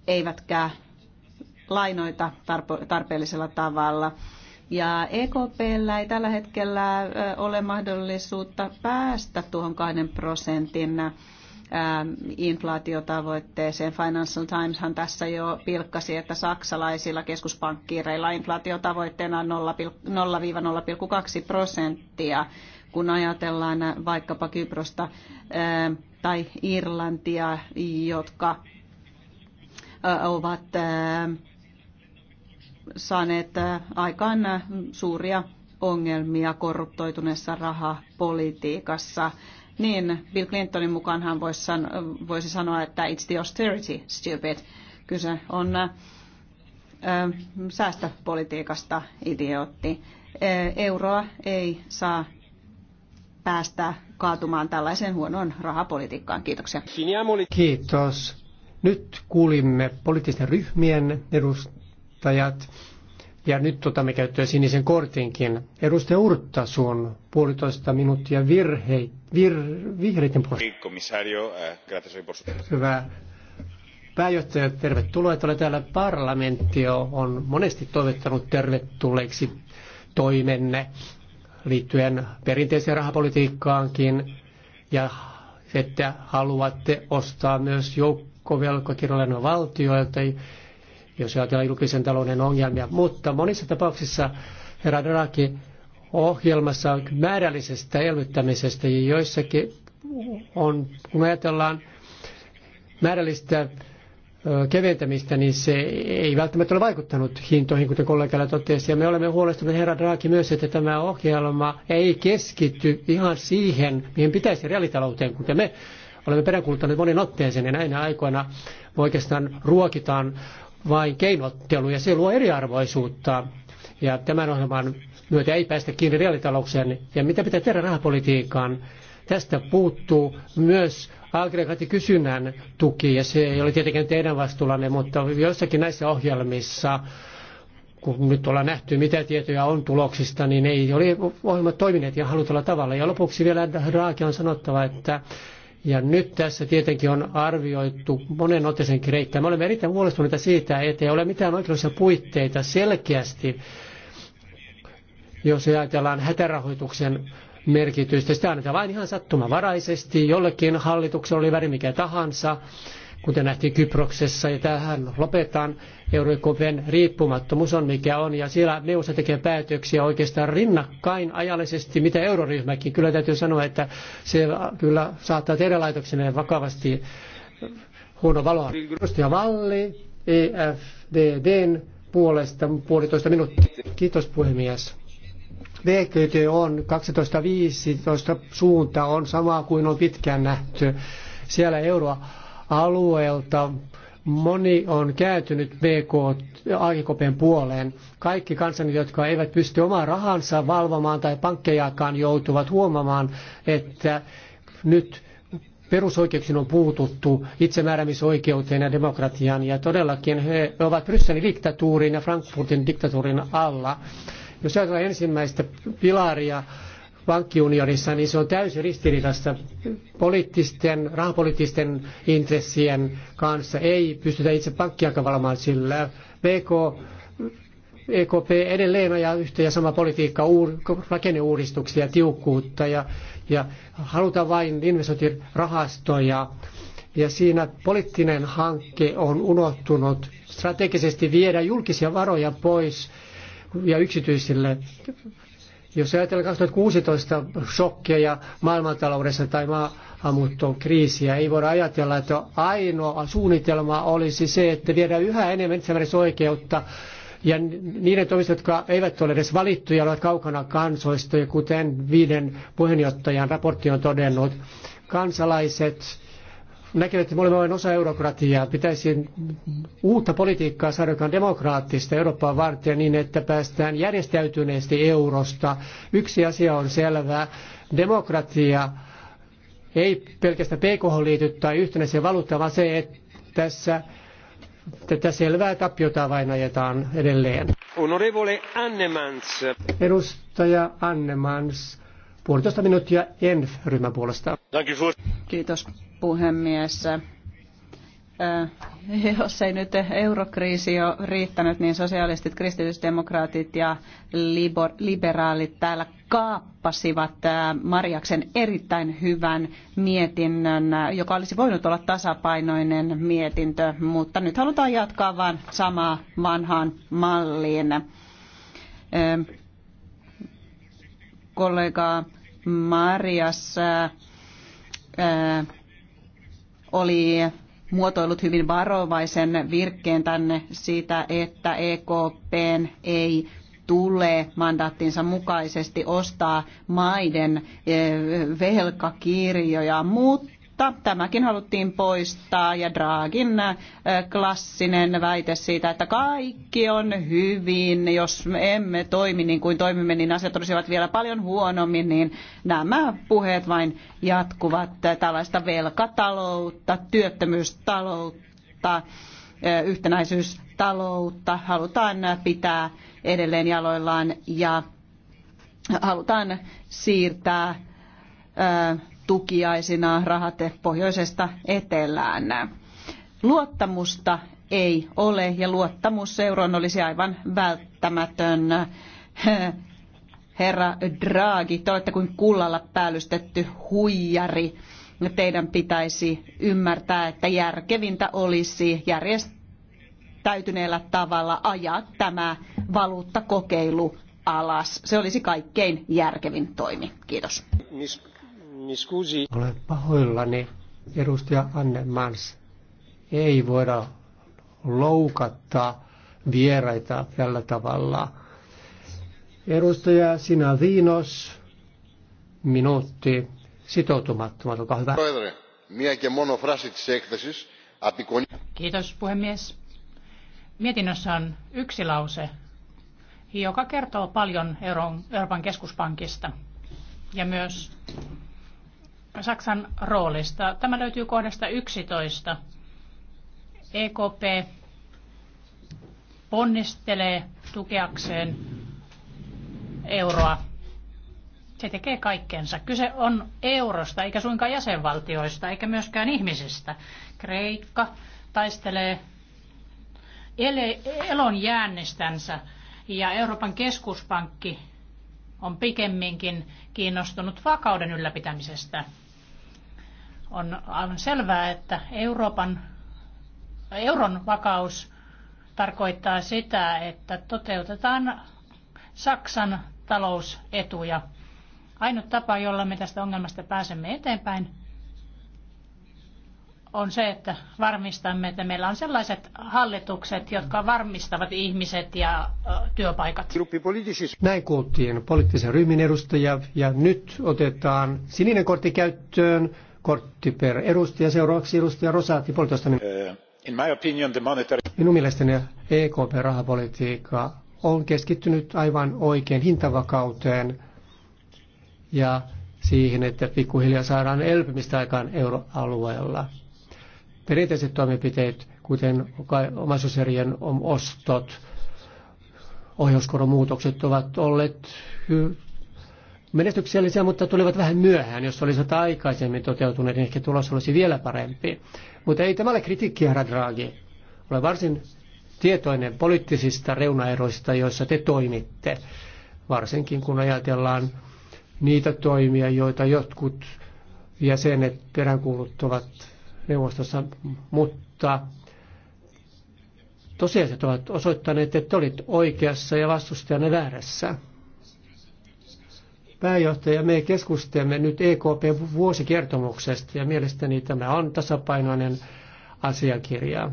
eivätkä lainoita tarpeellisella tavalla. Ja EKPllä ei tällä hetkellä ole mahdollisuutta päästä tuohon kahden prosentin inflaatiotavoitteeseen. Financial Timeshan tässä jo pilkkasi, että saksalaisilla keskuspankkiireilla inflaatiotavoitteena on 0-0,2 prosenttia, kun ajatellaan vaikkapa Kyprosta tai Irlantia, jotka ovat saaneet äh, aikaan äh, suuria ongelmia korruptoituneessa rahapolitiikassa. Niin Bill Clintonin mukaanhan voisi, san- voisi sanoa, että it's the austerity stupid. Kyse on äh, säästöpolitiikasta idiootti. Euroa ei saa päästä kaatumaan tällaiseen huonoon rahapolitiikkaan. Kiitoksia. Kiitos. Nyt kuulimme poliittisten ryhmien edustajia edustajat. Ja nyt tota, me käyttöön sinisen kortinkin. Edustaja Urtta sun puolitoista minuuttia virhei, vir, vihreiden puolesta. Niin, äh, Hyvä pääjohtaja, tervetuloa, että täällä. Parlamentti on monesti toivottanut tervetulleeksi toimenne liittyen perinteiseen rahapolitiikkaankin ja että haluatte ostaa myös joukkovelkakirjojen valtioilta jos ajatellaan julkisen talouden ongelmia. Mutta monissa tapauksissa herra Draghi ohjelmassa määrällisestä elvyttämisestä, joissakin on, kun ajatellaan määrällistä keventämistä, niin se ei välttämättä ole vaikuttanut hintoihin, kuten kollegalla totesi. Ja me olemme huolestuneet herra Draghi myös, että tämä ohjelma ei keskity ihan siihen, mihin pitäisi reaalitalouteen, kuten me olemme peräänkuuluttaneet monen otteeseen ja näinä aikoina oikeastaan ruokitaan vain keinottelu ja se luo eriarvoisuutta. Ja tämän ohjelman myötä ei päästä kiinni reaalitalouksen. Ja mitä pitää tehdä rahapolitiikkaan? Tästä puuttuu myös aggregaattikysynnän tuki, ja se ei ole tietenkään teidän vastuullanne, mutta joissakin näissä ohjelmissa, kun nyt ollaan nähty, mitä tietoja on tuloksista, niin ei ole ohjelmat toimineet ihan halutulla tavalla. Ja lopuksi vielä Raaki on sanottava, että ja nyt tässä tietenkin on arvioitu monen otteeseen Kreikkaa. Me olemme erittäin huolestuneita siitä, että ei ole mitään oikeudellisia puitteita selkeästi, jos ajatellaan hätärahoituksen merkitystä. Sitä annetaan vain ihan sattumavaraisesti. Jollekin hallituksella oli väri mikä tahansa kuten nähtiin Kyproksessa. Ja tähän lopetaan. Euroopan riippumattomuus on mikä on. Ja siellä neuvosto tekee päätöksiä oikeastaan rinnakkain ajallisesti, mitä euroryhmäkin. Kyllä täytyy sanoa, että se kyllä saattaa tehdä laitoksenne vakavasti huono valoa. Edustaja Valli, EFDDn puolesta puolitoista minuuttia. Kiitos puhemies. VKT on 12.15 suunta on sama kuin on pitkään nähty. Siellä euroa alueelta moni on kääntynyt BK AKPn puoleen. Kaikki kansanit, jotka eivät pysty omaa rahansa valvomaan tai pankkejaakaan, joutuvat huomaamaan, että nyt perusoikeuksiin on puututtu itsemääräämisoikeuteen ja demokratiaan. Ja todellakin he ovat Brysselin diktatuurin ja Frankfurtin diktatuurin alla. Jos ajatellaan ensimmäistä pilaria, pankkiunionissa, niin se on täysin ristiriidassa poliittisten, rahapoliittisten intressien kanssa. Ei pystytä itse pankkiakaan valmaan sillä. BK, EKP edelleen ajaa yhtä ja sama politiikka, uur, rakenneuudistuksia, tiukkuutta ja, ja halutaan vain investointirahastoja. Ja siinä poliittinen hanke on unohtunut strategisesti viedä julkisia varoja pois ja yksityisille jos ajatellaan 2016 ja maailmantaloudessa tai maahanmuuttokriisiä, ei voida ajatella, että ainoa suunnitelma olisi se, että viedään yhä enemmän itsemääräämisoikeutta ja niiden toimista, jotka eivät ole edes valittuja, ovat kaukana kansoista, ja kuten viiden puheenjohtajan raportti on todennut, kansalaiset näkevät, että me olemme vain osa eurokratiaa. Pitäisi uutta politiikkaa saada, joka on demokraattista Eurooppaa varten niin, että päästään järjestäytyneesti eurosta. Yksi asia on selvää. Demokratia ei pelkästään PKH liity tai yhtenäiseen valuuttaan, vaan se, että tässä tätä selvää tappiota vain ajetaan edelleen. Onorevole Annemans. Edustaja Annemans Puolitoista minuuttia ENF-ryhmän puolesta. Kiitos puhemies. Äh, jos ei nyt eurokriisi ole riittänyt, niin sosialistit, kristillisdemokraatit ja liberaalit täällä kaappasivat äh, Marjaksen erittäin hyvän mietinnön, äh, joka olisi voinut olla tasapainoinen mietintö, mutta nyt halutaan jatkaa vain samaa vanhaan malliin Kollega. Mariassa äh, äh, oli muotoillut hyvin varovaisen virkkeen tänne siitä, että EKP ei tule mandaattinsa mukaisesti ostaa maiden äh, velkakirjoja, mutta mutta tämäkin haluttiin poistaa ja Draagin äh, klassinen väite siitä, että kaikki on hyvin, jos me emme toimi niin kuin toimimme, niin asiat olisivat vielä paljon huonommin, niin nämä puheet vain jatkuvat tällaista velkataloutta, työttömyystaloutta, äh, yhtenäisyystaloutta halutaan pitää edelleen jaloillaan ja halutaan siirtää äh, tukiaisina rahat pohjoisesta etelään. Luottamusta ei ole ja luottamus euroon olisi aivan välttämätön. Herra Draghi, te olette kuin kullalla päällystetty huijari. Teidän pitäisi ymmärtää, että järkevintä olisi järjestäytyneellä tavalla ajaa tämä valuuttakokeilu alas. Se olisi kaikkein järkevin toimi. Kiitos. Mi scusi. Olen pahoillani, edustaja Anne Mans. Ei voida loukata vieraita tällä tavalla. Edustaja Sinadinos, minuutti sitoutumattomat, olkaa hyvä. Kiitos puhemies. Mietinnössä on yksi lause, joka kertoo paljon Euroopan keskuspankista ja myös Saksan roolista. Tämä löytyy kohdasta 11. EKP ponnistelee tukeakseen euroa. Se tekee kaikkensa. Kyse on eurosta, eikä suinkaan jäsenvaltioista, eikä myöskään ihmisistä. Kreikka taistelee elon jäännistänsä ja Euroopan keskuspankki on pikemminkin kiinnostunut vakauden ylläpitämisestä. On, aivan selvää, että Euroopan, euron vakaus tarkoittaa sitä, että toteutetaan Saksan talousetuja. Ainut tapa, jolla me tästä ongelmasta pääsemme eteenpäin, on se, että varmistamme, että meillä on sellaiset hallitukset, jotka varmistavat ihmiset ja työpaikat. Näin kuultiin poliittisen ryhmän edustajia ja nyt otetaan sininen kortti käyttöön. Kortti per edustaja. Seuraavaksi edustaja Rosati, puolitoista minuuttia. Eh, Minun mielestäni EKP-rahapolitiikka on keskittynyt aivan oikein hintavakauteen ja siihen, että pikkuhiljaa saadaan elpymistä aikaan euroalueella perinteiset toimenpiteet, kuten omaisuuserien ostot, ohjauskoron muutokset ovat olleet menestyksellisiä, mutta tulivat vähän myöhään. Jos olisivat aikaisemmin toteutuneet, niin ehkä tulos olisi vielä parempi. Mutta ei tämä ole kritiikkiä, herra Draghi. Olen varsin tietoinen poliittisista reunaeroista, joissa te toimitte, varsinkin kun ajatellaan niitä toimia, joita jotkut jäsenet peräänkuuluttavat neuvostossa, mutta tosiasiat ovat osoittaneet, että olit oikeassa ja vastustajanne väärässä. Pääjohtaja, me keskustelemme nyt EKP vuosikertomuksesta ja mielestäni tämä on tasapainoinen asiakirja.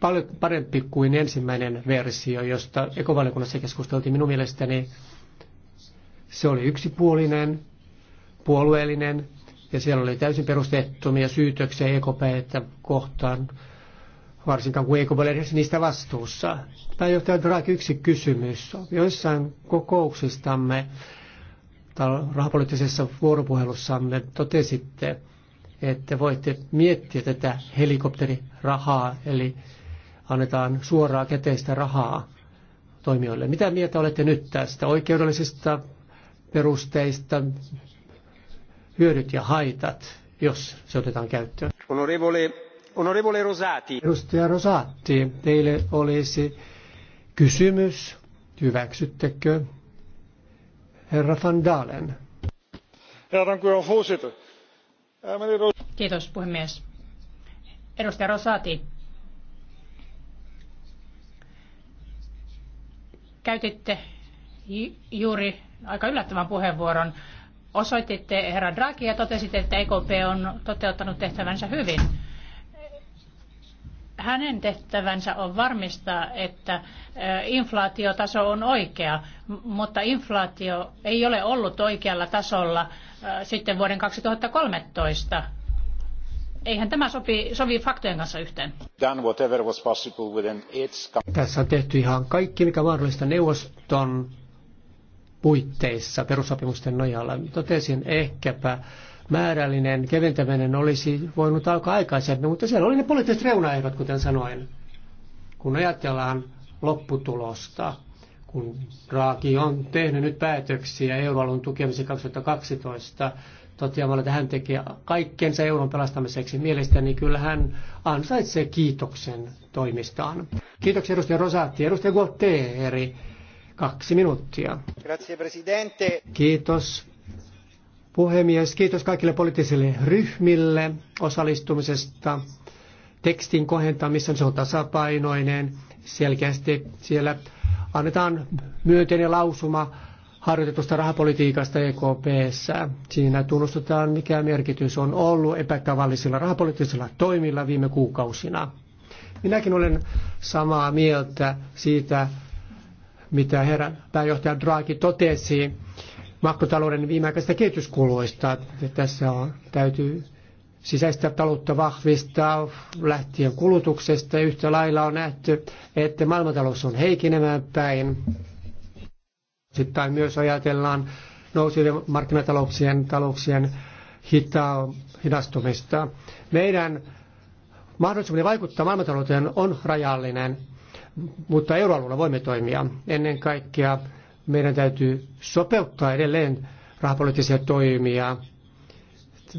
Paljon parempi kuin ensimmäinen versio, josta ekovaliokunnassa keskusteltiin minun mielestäni. Se oli yksipuolinen, puolueellinen ja siellä oli täysin perusteettomia syytöksiä EKPtä kohtaan, varsinkaan kun EKP oli edes niistä vastuussa. Pääjohtaja Draghi, yksi kysymys. Joissain kokouksistamme rahapoliittisessa vuoropuhelussamme totesitte, että voitte miettiä tätä helikopterirahaa, eli annetaan suoraa käteistä rahaa toimijoille. Mitä mieltä olette nyt tästä oikeudellisista perusteista, hyödyt ja haitat, jos se otetaan käyttöön. Honorevole, honorevole Rosati. Edustaja Rosatti, teille olisi kysymys. Hyväksyttekö herra Van Dalen? Eh, Kiitos puhemies. Edustaja Rosati, käytitte juuri aika yllättävän puheenvuoron osoititte herra Draghi ja totesitte, että EKP on toteuttanut tehtävänsä hyvin. Hänen tehtävänsä on varmistaa, että inflaatiotaso on oikea, mutta inflaatio ei ole ollut oikealla tasolla sitten vuoden 2013. Eihän tämä sopi, sovi faktojen kanssa yhteen. Tässä on tehty ihan kaikki, mikä mahdollista neuvoston puitteissa perusopimusten nojalla. Totesin ehkäpä määrällinen keventäminen olisi voinut alkaa aikaisemmin, mutta siellä oli ne poliittiset reunaehdot, kuten sanoin, kun ajatellaan lopputulosta, kun Raaki on tehnyt nyt päätöksiä euroalun tukemisen 2012 toteamalla, että hän tekee kaikkensa euron pelastamiseksi. Mielestäni kyllä hän ansaitsee kiitoksen toimistaan. Kiitoksia edustaja Rosatti, edustaja Gotteeri, Kaksi minuuttia. Grazie, presidente. Kiitos puhemies. Kiitos kaikille poliittisille ryhmille osallistumisesta. Tekstin kohentamissa se on tasapainoinen. Selkeästi siellä annetaan myönteinen lausuma harjoitetusta rahapolitiikasta EKPssä. Siinä tunnustetaan, mikä merkitys on ollut epätavallisilla rahapoliittisilla toimilla viime kuukausina. Minäkin olen samaa mieltä siitä, mitä herra pääjohtaja Draghi totesi makrotalouden viimeaikaisista kehityskuluista. Tässä on, täytyy sisäistä taloutta vahvistaa lähtien kulutuksesta. Yhtä lailla on nähty, että maailmantalous on heikinemään päin. Sitten myös ajatellaan nousevien markkinatalouksien talouksien hita, hidastumista. Meidän mahdollisuuden vaikuttaa maailmantalouteen on rajallinen mutta euroalueella voimme toimia. Ennen kaikkea meidän täytyy sopeuttaa edelleen rahapoliittisia toimia.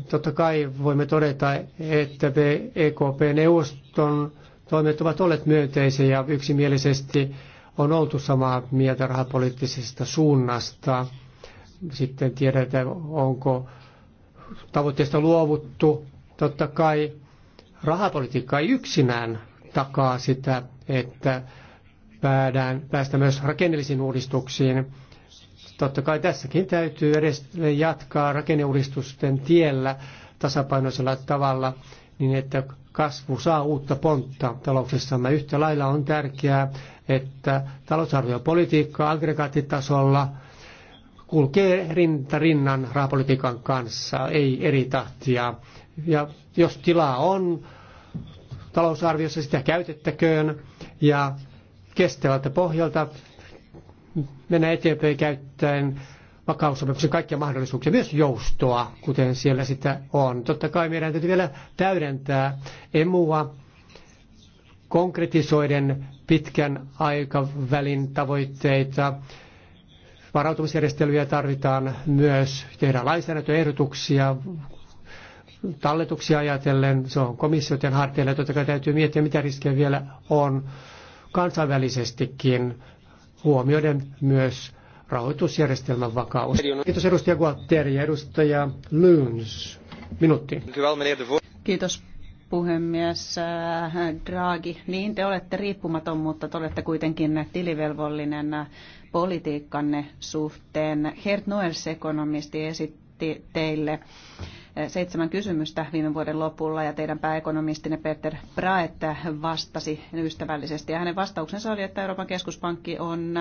Totta kai voimme todeta, että EKP-neuvoston e toimet ovat olleet myönteisiä ja yksimielisesti on oltu samaa mieltä rahapoliittisesta suunnasta. Sitten tiedetään, onko tavoitteesta luovuttu. Totta kai rahapolitiikka ei yksinään takaa sitä, että päädään, päästä myös rakenteellisiin uudistuksiin. Totta kai tässäkin täytyy edes jatkaa rakenneuudistusten tiellä tasapainoisella tavalla niin, että kasvu saa uutta pontta talouksessamme. Yhtä lailla on tärkeää, että talousarviopolitiikka aggregaattitasolla kulkee rinta rinnan rahapolitiikan kanssa, ei eri tahtia. Ja jos tilaa on talousarviossa, sitä käytettäköön ja kestävältä pohjalta mennä eteenpäin käyttäen vakaussopimuksen kaikkia mahdollisuuksia, myös joustoa, kuten siellä sitä on. Totta kai meidän täytyy vielä täydentää emua konkretisoiden pitkän aikavälin tavoitteita. Varautumisjärjestelyjä tarvitaan myös, tehdä lainsäädäntöehdotuksia, talletuksia ajatellen, se on komissioiden harteilla. Totta kai täytyy miettiä, mitä riskejä vielä on kansainvälisestikin huomioiden myös rahoitusjärjestelmän vakaus. Kiitos edustaja Gualteri ja edustaja Lyns. Minuutti. Kiitos puhemies äh, Draghi. Niin, te olette riippumaton, mutta te olette kuitenkin tilivelvollinen politiikkanne suhteen. Hert Noels, ekonomisti, esitti teille seitsemän kysymystä viime vuoden lopulla ja teidän pääekonomistinne Peter Braetta vastasi ystävällisesti. Ja hänen vastauksensa oli, että Euroopan keskuspankki on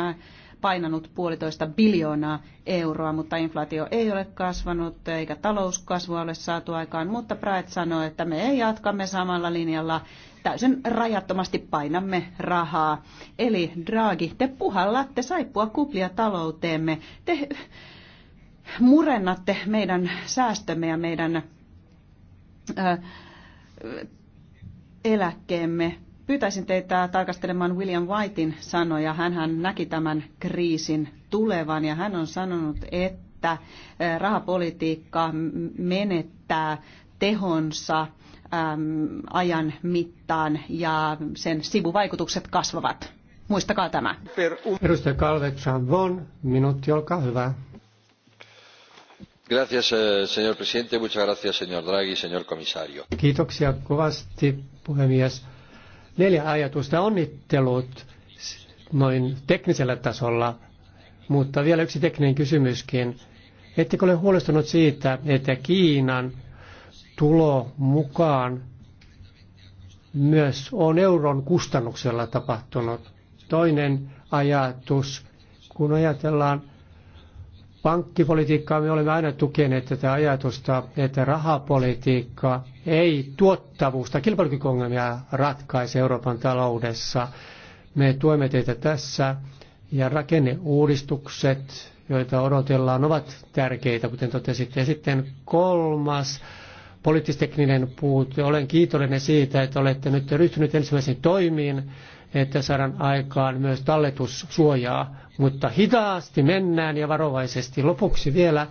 painanut puolitoista biljoonaa euroa, mutta inflaatio ei ole kasvanut eikä talouskasvua ole saatu aikaan. Mutta Praet sanoi, että me ei jatkamme samalla linjalla, täysin rajattomasti painamme rahaa. Eli Draghi, te puhallatte saippua kuplia talouteemme. Te murennatte meidän säästömme ja meidän eläkkeemme. Pyytäisin teitä tarkastelemaan William Whitein sanoja. hän näki tämän kriisin tulevan ja hän on sanonut, että rahapolitiikka menettää tehonsa ajan mittaan ja sen sivuvaikutukset kasvavat. Muistakaa tämä. Edustaja Kalveksan Von, minuutti, olkaa hyvä. Eh, señor presidente. Muchas gracias, señor Draghi, señor comisario Kiitoksia kovasti, puhemies. Neljä ajatusta. Onnittelut noin teknisellä tasolla, mutta vielä yksi tekninen kysymyskin. Ettekö ole huolestunut siitä, että Kiinan tulo mukaan myös on euron kustannuksella tapahtunut? Toinen ajatus, kun ajatellaan pankkipolitiikkaa me olemme aina tukeneet tätä ajatusta, että rahapolitiikka ei tuottavuusta, kilpailukykyongelmia ratkaise Euroopan taloudessa. Me tuemme teitä tässä ja rakenneuudistukset, joita odotellaan, ovat tärkeitä, kuten totesitte. Ja sitten kolmas poliittistekninen puute. Olen kiitollinen siitä, että olette nyt ryhtynyt ensimmäisiin toimiin että saadaan aikaan myös talletussuojaa, mutta hitaasti mennään ja varovaisesti. Lopuksi vielä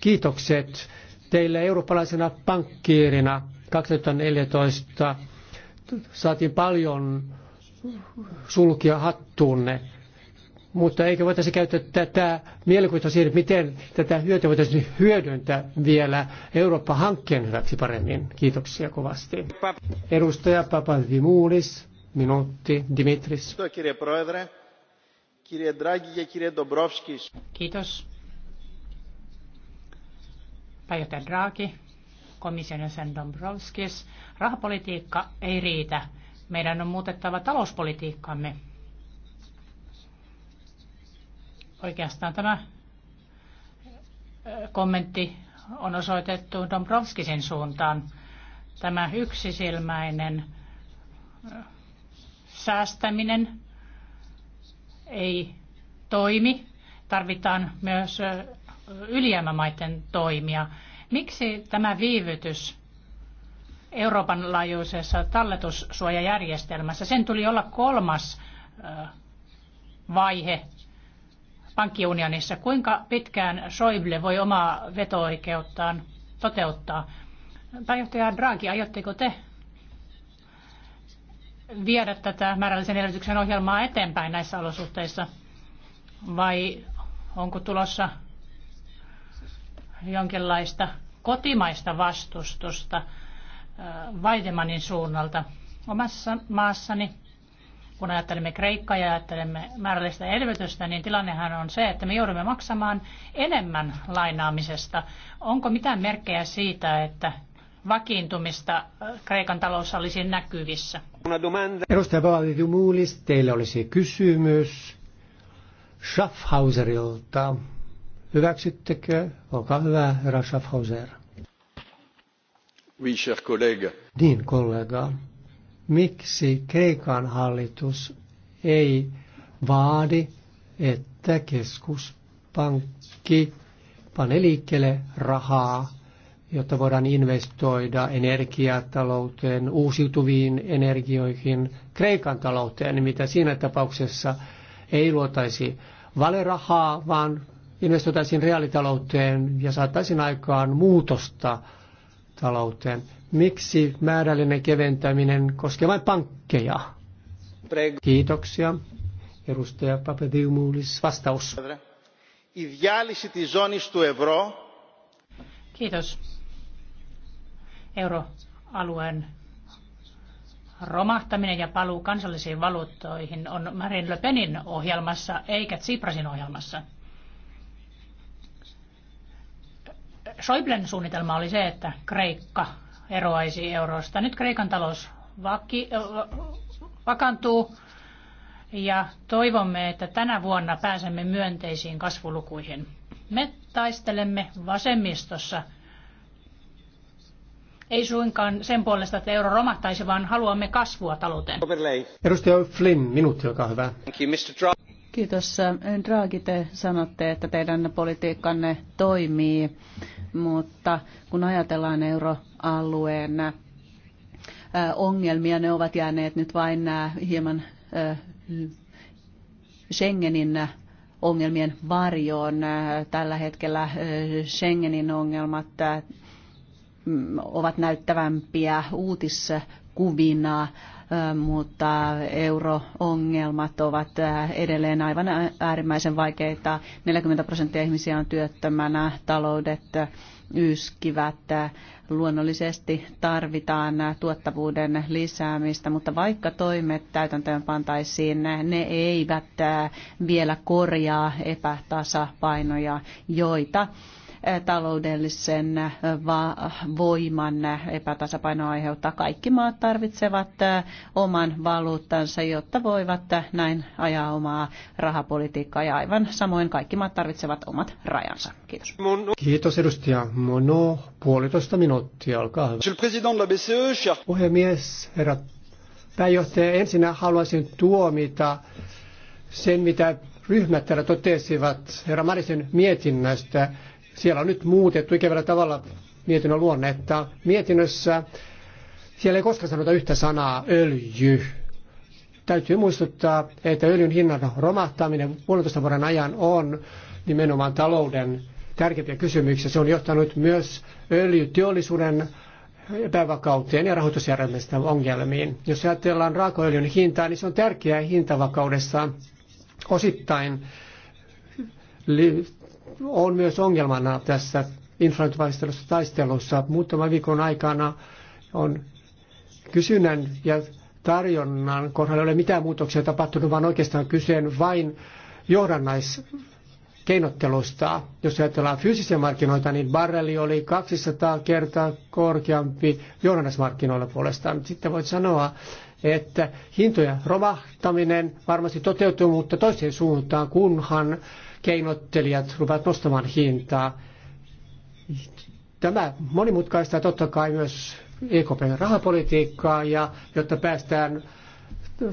kiitokset teille eurooppalaisena pankkiirina 2014 saatiin paljon sulkia hattuunne, mutta eikö voitaisi käyttää tätä mielikuvitusta siihen, miten tätä hyötyä voitaisiin hyödyntää vielä Eurooppa-hankkeen hyväksi paremmin. Kiitoksia kovasti. Edustaja Papadimoulis. Minuutti, Dimitris. Kiitos. Pääjohtaja Draghi, komission jäsen Dombrovskis. Rahapolitiikka ei riitä. Meidän on muutettava talouspolitiikkaamme Oikeastaan tämä kommentti on osoitettu Dombrovskisin suuntaan. Tämä yksisilmäinen säästäminen ei toimi. Tarvitaan myös ylijäämämaiden toimia. Miksi tämä viivytys Euroopan laajuisessa talletussuojajärjestelmässä? Sen tuli olla kolmas vaihe pankkiunionissa. Kuinka pitkään soible voi omaa veto-oikeuttaan toteuttaa? Pääjohtaja Draghi, aiotteko te viedä tätä määrällisen elvytyksen ohjelmaa eteenpäin näissä olosuhteissa? Vai onko tulossa jonkinlaista kotimaista vastustusta Vaidemanin äh, suunnalta omassa maassani? Kun ajattelemme Kreikkaa ja ajattelemme määrällistä elvytystä, niin tilannehan on se, että me joudumme maksamaan enemmän lainaamisesta. Onko mitään merkkejä siitä, että vakiintumista äh, Kreikan talous olisi näkyvissä? Edustaja Valdimulis, teillä olisi kysymys Schaffhauserilta. Hyväksyttekö? Olkaa hyvä, herra Schaffhauser. Oui, cher collègue. Niin, kollega. Miksi Kreikan hallitus ei vaadi, että keskuspankki pane liikkeelle rahaa jotta voidaan investoida energiatalouteen, uusiutuviin energioihin, Kreikan talouteen, niin mitä siinä tapauksessa ei luotaisi valerahaa, vaan investoitaisiin reaalitalouteen ja saataisiin aikaan muutosta talouteen. Miksi määrällinen keventäminen koskee vain pankkeja? Kiitoksia. Edustaja Papadiumulis, vastaus. Kiitos. Euroalueen romahtaminen ja paluu kansallisiin valuuttoihin on Marine Le Penin ohjelmassa eikä Tsiprasin ohjelmassa. Schäublen suunnitelma oli se, että Kreikka eroaisi eurosta. Nyt Kreikan talous vaki, vakantuu ja toivomme, että tänä vuonna pääsemme myönteisiin kasvulukuihin. Me taistelemme vasemmistossa ei suinkaan sen puolesta, että euro romahtaisi, vaan haluamme kasvua talouteen. Edustaja Flynn, minuutti, olkaa hyvä. Kiitos. Draghi, te sanotte, että teidän politiikkanne toimii, mutta kun ajatellaan euroalueen äh, ongelmia, ne ovat jääneet nyt vain äh, hieman äh, Schengenin ongelmien varjoon. Tällä hetkellä Schengenin ongelmat ovat näyttävämpiä uutiskuvina, mutta euroongelmat ovat edelleen aivan äärimmäisen vaikeita. 40 prosenttia ihmisiä on työttömänä, taloudet yskivät. Luonnollisesti tarvitaan tuottavuuden lisäämistä, mutta vaikka toimet täytäntöön pantaisiin, ne eivät vielä korjaa epätasapainoja, joita taloudellisen äh, voiman epätasapainoa aiheuttaa. Kaikki maat tarvitsevat äh, oman valuuttansa, jotta voivat äh, näin ajaa omaa rahapolitiikkaa ja aivan samoin kaikki maat tarvitsevat omat rajansa. Kiitos. Kiitos edustaja Mono. Puolitoista minuuttia, olkaa hyvä. E, Puhemies, herra pääjohtaja, ensin haluaisin tuomita sen, mitä ryhmät täällä totesivat herra Marisen mietinnästä. Siellä on nyt muutettu ikävällä tavalla mietinnön luonnetta. Mietinnössä siellä ei koskaan sanota yhtä sanaa öljy. Täytyy muistuttaa, että öljyn hinnan romahtaminen puolentoista vuoden ajan on nimenomaan talouden tärkeimpiä kysymyksiä. Se on johtanut myös öljyteollisuuden epävakauteen ja rahoitusjärjestelmän ongelmiin. Jos ajatellaan raakaöljyn hintaa, niin se on tärkeää hintavakaudessa osittain on myös ongelmana tässä inflaatiovaistelussa taistelussa. Muutama viikon aikana on kysynnän ja tarjonnan kohdalla ei ole mitään muutoksia tapahtunut, vaan oikeastaan kyseen vain johdannaiskeinottelusta. Jos ajatellaan fyysisiä markkinoita, niin barreli oli 200 kertaa korkeampi johdannaismarkkinoilla puolestaan. Sitten voit sanoa, että hintojen romahtaminen varmasti toteutuu, mutta toiseen suuntaan, kunhan keinottelijat ruvat nostamaan hintaa. Tämä monimutkaistaa totta kai myös EKPn rahapolitiikkaa ja jotta päästään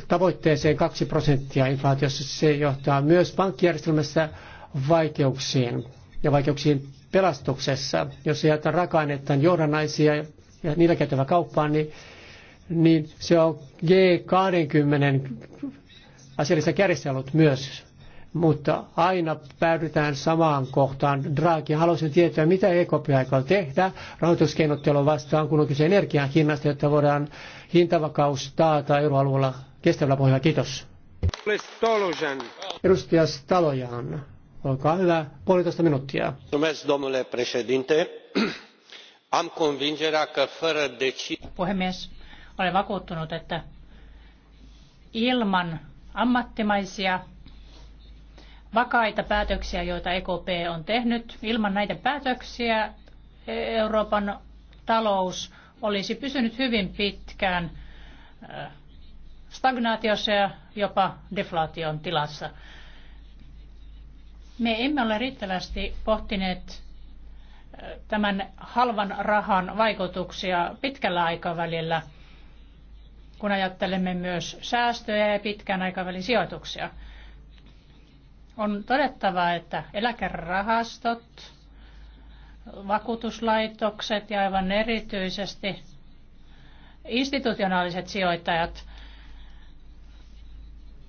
tavoitteeseen 2 prosenttia inflaatiossa, se johtaa myös pankkijärjestelmässä vaikeuksiin ja vaikeuksiin pelastuksessa. Jos jätetään raaka-ainettaan johdannaisia ja niillä käytävä kauppaan, niin, niin se on G20 asiallisessa kärjessä myös mutta aina päädytään samaan kohtaan. Draghi, haluaisin tietää, mitä EKP aikoo tehdä rahoituskeinottelua vastaan, kun on kyse energian hinnasta, jotta voidaan hintavakaus taata euroalueella kestävällä pohjalla. Kiitos. Edustaja Stalojan, olkaa hyvä, puolitoista minuuttia. Puhemies, olen vakuuttunut, että ilman ammattimaisia vakaita päätöksiä, joita EKP on tehnyt. Ilman näitä päätöksiä e- Euroopan talous olisi pysynyt hyvin pitkään äh, stagnaatiossa ja jopa deflaation tilassa. Me emme ole riittävästi pohtineet äh, tämän halvan rahan vaikutuksia pitkällä aikavälillä, kun ajattelemme myös säästöjä ja pitkän aikavälin sijoituksia. On todettava, että eläkerahastot, vakuutuslaitokset ja aivan erityisesti institutionaaliset sijoittajat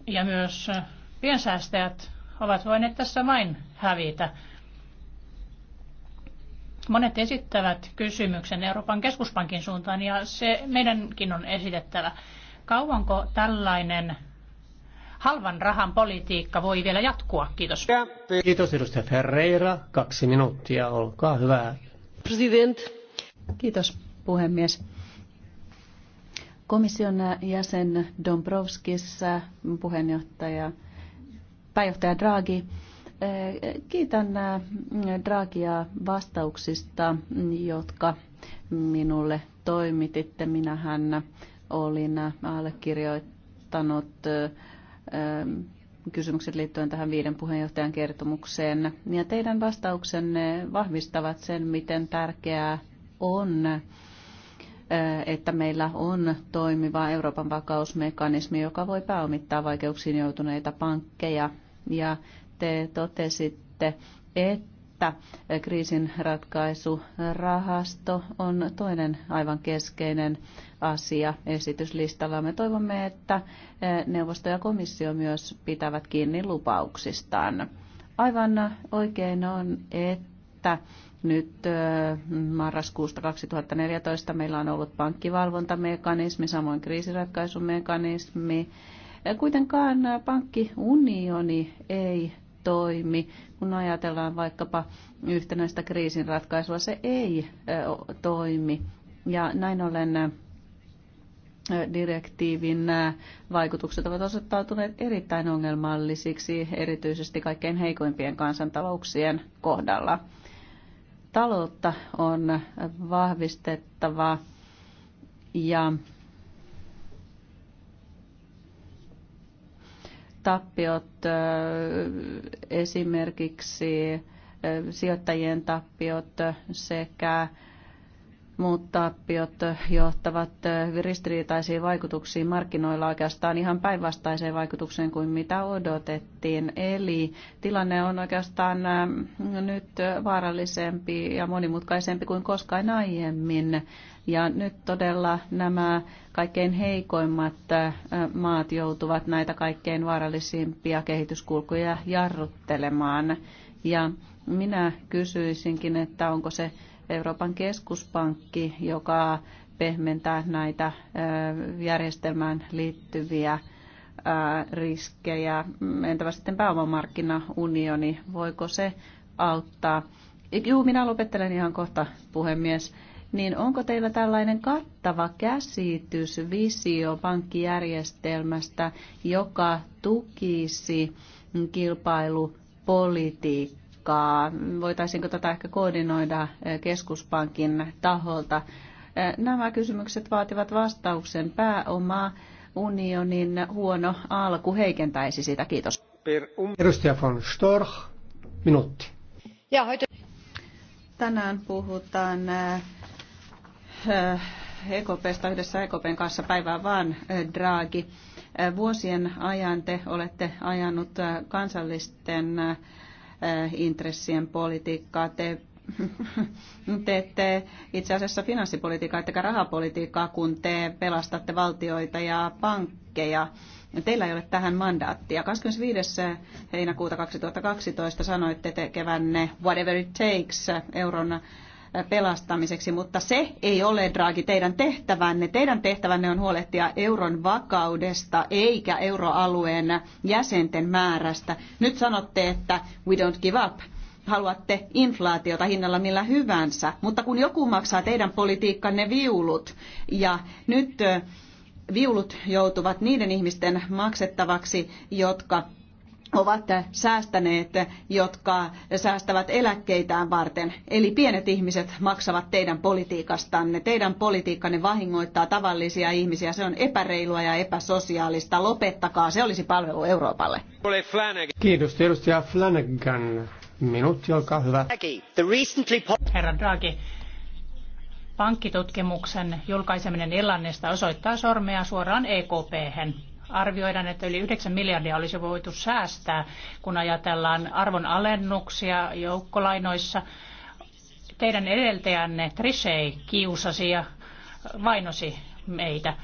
ja myös piensäästäjät ovat voineet tässä vain hävitä. Monet esittävät kysymyksen Euroopan keskuspankin suuntaan ja se meidänkin on esitettävä. Kauanko tällainen halvan rahan politiikka voi vielä jatkua. Kiitos. Kiitos edustaja Ferreira. Kaksi minuuttia, olkaa hyvä. President. Kiitos puhemies. Komission jäsen Dombrovskis, puheenjohtaja, pääjohtaja Draghi, Kiitän Draghia vastauksista, jotka minulle toimititte. Minähän olin allekirjoittanut kysymykset liittyen tähän viiden puheenjohtajan kertomukseen. Ja teidän vastauksenne vahvistavat sen, miten tärkeää on, että meillä on toimiva Euroopan vakausmekanismi, joka voi pääomittaa vaikeuksiin joutuneita pankkeja. Ja te totesitte, että että kriisinratkaisurahasto on toinen aivan keskeinen asia esityslistalla. Me toivomme, että neuvosto ja komissio myös pitävät kiinni lupauksistaan. Aivan oikein on, että nyt marraskuusta 2014 meillä on ollut pankkivalvontamekanismi, samoin kriisiratkaisumekanismi. Kuitenkaan pankkiunioni ei toimi. Kun ajatellaan vaikkapa yhtenäistä kriisinratkaisua, se ei toimi. Ja näin ollen direktiivin vaikutukset ovat osoittautuneet erittäin ongelmallisiksi, erityisesti kaikkein heikoimpien kansantalouksien kohdalla. Taloutta on vahvistettava ja tappiot, esimerkiksi sijoittajien tappiot sekä muut tappiot johtavat ristiriitaisiin vaikutuksiin markkinoilla oikeastaan ihan päinvastaiseen vaikutukseen kuin mitä odotettiin. Eli tilanne on oikeastaan mm, nyt vaarallisempi ja monimutkaisempi kuin koskaan aiemmin. Ja nyt todella nämä kaikkein heikoimmat äh, maat joutuvat näitä kaikkein vaarallisimpia kehityskulkuja jarruttelemaan. Ja minä kysyisinkin, että onko se Euroopan keskuspankki, joka pehmentää näitä järjestelmään liittyviä riskejä. Entäpä sitten pääomamarkkinaunioni, voiko se auttaa? Juu, minä lopettelen ihan kohta, puhemies. Niin onko teillä tällainen kattava käsitys, visio pankkijärjestelmästä, joka tukisi kilpailupolitiikkaa? aikaa. Voitaisiinko tätä ehkä koordinoida eh, keskuspankin taholta? Eh, nämä kysymykset vaativat vastauksen. Pääomaa unionin huono alku heikentäisi sitä. Kiitos. Um- Edustaja von Storch, minuutti. Tänään puhutaan EKPstä eh, e yhdessä EKPn kanssa päivää vaan Draghi. Vuosien ajan te olette ajanut kansallisten Äh, intressien politiikkaa. Te ette itse asiassa finanssipolitiikkaa ettekä rahapolitiikkaa, kun te pelastatte valtioita ja pankkeja. Teillä ei ole tähän mandaattia. 25. heinäkuuta 2012 sanoitte tekevänne whatever it takes euron pelastamiseksi, mutta se ei ole, Draghi, teidän tehtävänne. Teidän tehtävänne on huolehtia euron vakaudesta eikä euroalueen jäsenten määrästä. Nyt sanotte, että we don't give up. Haluatte inflaatiota hinnalla millä hyvänsä, mutta kun joku maksaa teidän politiikkanne viulut ja nyt viulut joutuvat niiden ihmisten maksettavaksi, jotka ovat säästäneet, jotka säästävät eläkkeitään varten. Eli pienet ihmiset maksavat teidän politiikastanne. Teidän politiikkanne vahingoittaa tavallisia ihmisiä. Se on epäreilua ja epäsosiaalista. Lopettakaa, se olisi palvelu Euroopalle. Kiitos, edustaja Flanagan. Minuutti, olkaa hyvä. Herra Draghi, pankkitutkimuksen julkaiseminen Irlannista osoittaa sormea suoraan EKP-hän arvioidaan, että yli 9 miljardia olisi voitu säästää, kun ajatellaan arvon alennuksia joukkolainoissa. Teidän edeltäjänne Trisei kiusasi ja vainosi meitä.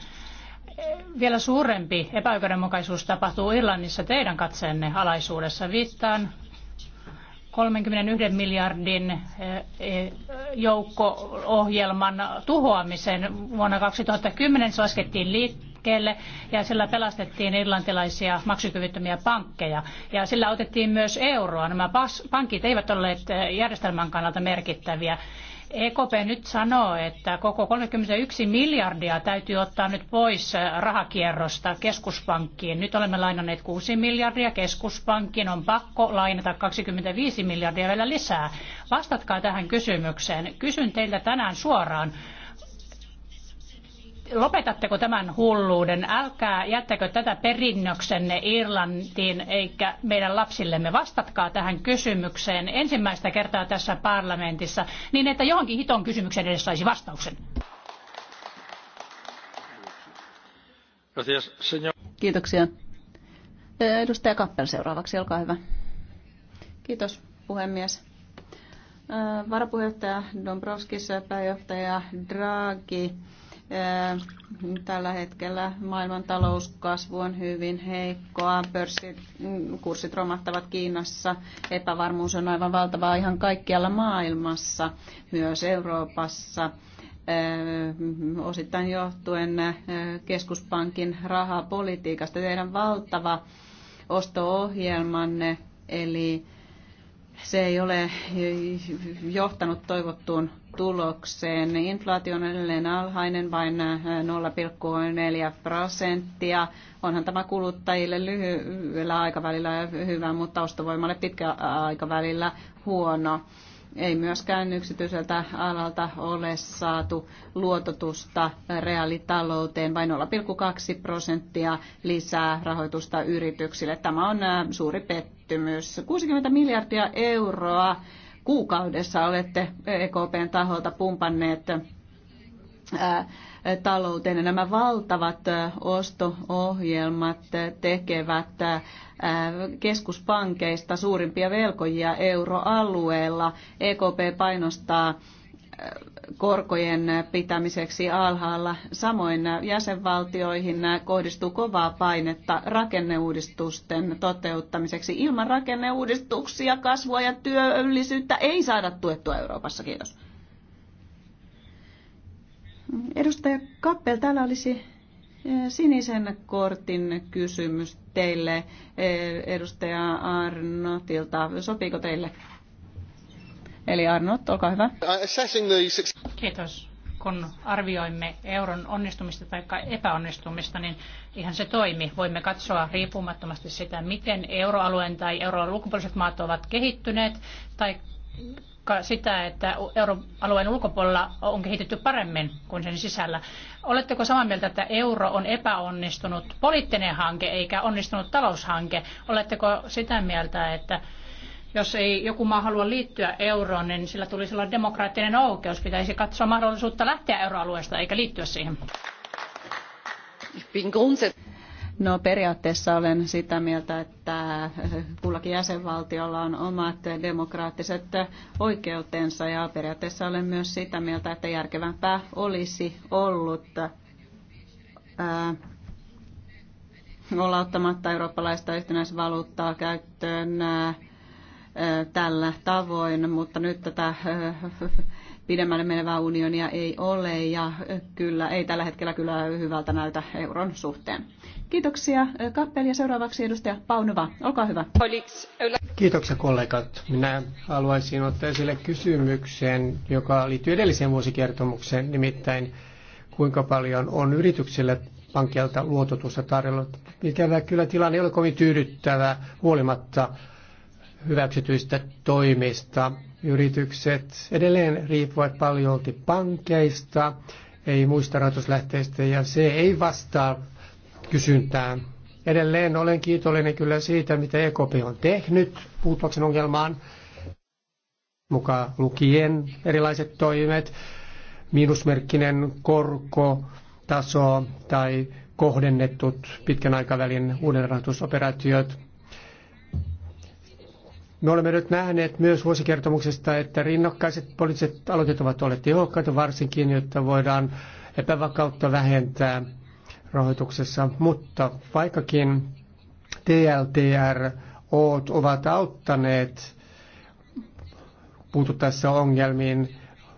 Vielä suurempi epäoikeudenmukaisuus tapahtuu Irlannissa teidän katseenne alaisuudessa. Viittaan 31 miljardin eh, eh, joukko-ohjelman tuhoamisen. Vuonna 2010 se laskettiin liittyen liikkeelle ja sillä pelastettiin irlantilaisia maksukyvyttömiä pankkeja ja sillä otettiin myös euroa. Nämä pankit eivät olleet eh, järjestelmän kannalta merkittäviä. EKP nyt sanoo, että koko 31 miljardia täytyy ottaa nyt pois eh, rahakierrosta keskuspankkiin. Nyt olemme lainanneet 6 miljardia, keskuspankkiin, on pakko lainata 25 miljardia vielä lisää. Vastatkaa tähän kysymykseen. Kysyn teiltä tänään suoraan, lopetatteko tämän hulluuden? Älkää jättäkö tätä perinnöksenne Irlantiin eikä meidän lapsillemme. Vastatkaa tähän kysymykseen ensimmäistä kertaa tässä parlamentissa niin, että johonkin hiton kysymykseen edes saisi vastauksen. Kiitoksia. Edustaja Kappel seuraavaksi, olkaa hyvä. Kiitos puhemies. Äh, varapuheenjohtaja Dombrovskis, pääjohtaja Draghi Tällä hetkellä maailman talouskasvu on hyvin heikkoa, pörssit, mm, kurssit romahtavat Kiinassa, epävarmuus on aivan valtavaa ihan kaikkialla maailmassa, myös Euroopassa osittain johtuen keskuspankin rahapolitiikasta. Teidän valtava osto-ohjelmanne, eli se ei ole johtanut toivottuun tulokseen. Inflaatio on edelleen alhainen, vain 0,4 äh, prosenttia. Onhan tämä kuluttajille lyhyellä aikavälillä hyvä, mutta ostovoimalle pitkällä aikavälillä huono ei myöskään yksityiseltä alalta ole saatu luototusta reaalitalouteen, vain 0,2 prosenttia lisää rahoitusta yrityksille. Tämä on suuri pettymys. 60 miljardia euroa kuukaudessa olette EKPn taholta pumpanneet talouteen. Nämä valtavat osto-ohjelmat tekevät keskuspankeista suurimpia velkojia euroalueella. EKP painostaa korkojen pitämiseksi alhaalla. Samoin jäsenvaltioihin kohdistuu kovaa painetta rakenneuudistusten toteuttamiseksi. Ilman rakenneuudistuksia kasvua ja työllisyyttä ei saada tuettua Euroopassa. Kiitos. Edustaja Kappel, täällä olisi eh, sinisen kortin kysymys teille, eh, edustaja Arnotilta. Sopiiko teille? Eli Arnot, olkaa hyvä. Kiitos. Kun arvioimme euron onnistumista tai epäonnistumista, niin ihan se toimi. Voimme katsoa riippumattomasti sitä, miten euroalueen tai euroalueen ulkopuoliset maat ovat kehittyneet tai sitä, että euroalueen ulkopuolella on kehitetty paremmin kuin sen sisällä. Oletteko samaa mieltä, että euro on epäonnistunut poliittinen hanke eikä onnistunut taloushanke? Oletteko sitä mieltä, että jos ei joku maa halua liittyä euroon, niin sillä tulisi olla demokraattinen oikeus. Pitäisi katsoa mahdollisuutta lähteä euroalueesta eikä liittyä siihen. No periaatteessa olen sitä mieltä, että kullakin jäsenvaltiolla on omat demokraattiset oikeutensa ja periaatteessa olen myös sitä mieltä, että järkevämpää olisi ollut ää, olla ottamatta eurooppalaista yhtenäisvaluuttaa käyttöön ää, tällä tavoin, mutta nyt tätä pidemmälle menevää unionia ei ole ja kyllä ei tällä hetkellä kyllä hyvältä näytä euron suhteen. Kiitoksia Kappel ja seuraavaksi edustaja Paunova. Olkaa hyvä. Kiitoksia kollegat. Minä haluaisin ottaa esille kysymyksen, joka liittyy edelliseen vuosikertomukseen, nimittäin kuinka paljon on yrityksille pankkialta luototusta tarjolla. Ikävä kyllä tilanne ei ole kovin tyydyttävä huolimatta hyväksytyistä toimista yritykset edelleen riippuvat paljolti pankeista, ei muista rahoituslähteistä ja se ei vastaa kysyntään. Edelleen olen kiitollinen kyllä siitä, mitä EKP on tehnyt puuttuakseen ongelmaan, mukaan lukien erilaiset toimet, miinusmerkkinen korkotaso tai kohdennetut pitkän aikavälin uudelleenrahoitusoperaatiot. Me olemme nyt nähneet myös vuosikertomuksesta, että rinnakkaiset poliittiset aloitteet ovat olleet tehokkaita varsinkin, jotta voidaan epävakautta vähentää rahoituksessa. Mutta vaikkakin TLTR ovat auttaneet puututtaessa ongelmiin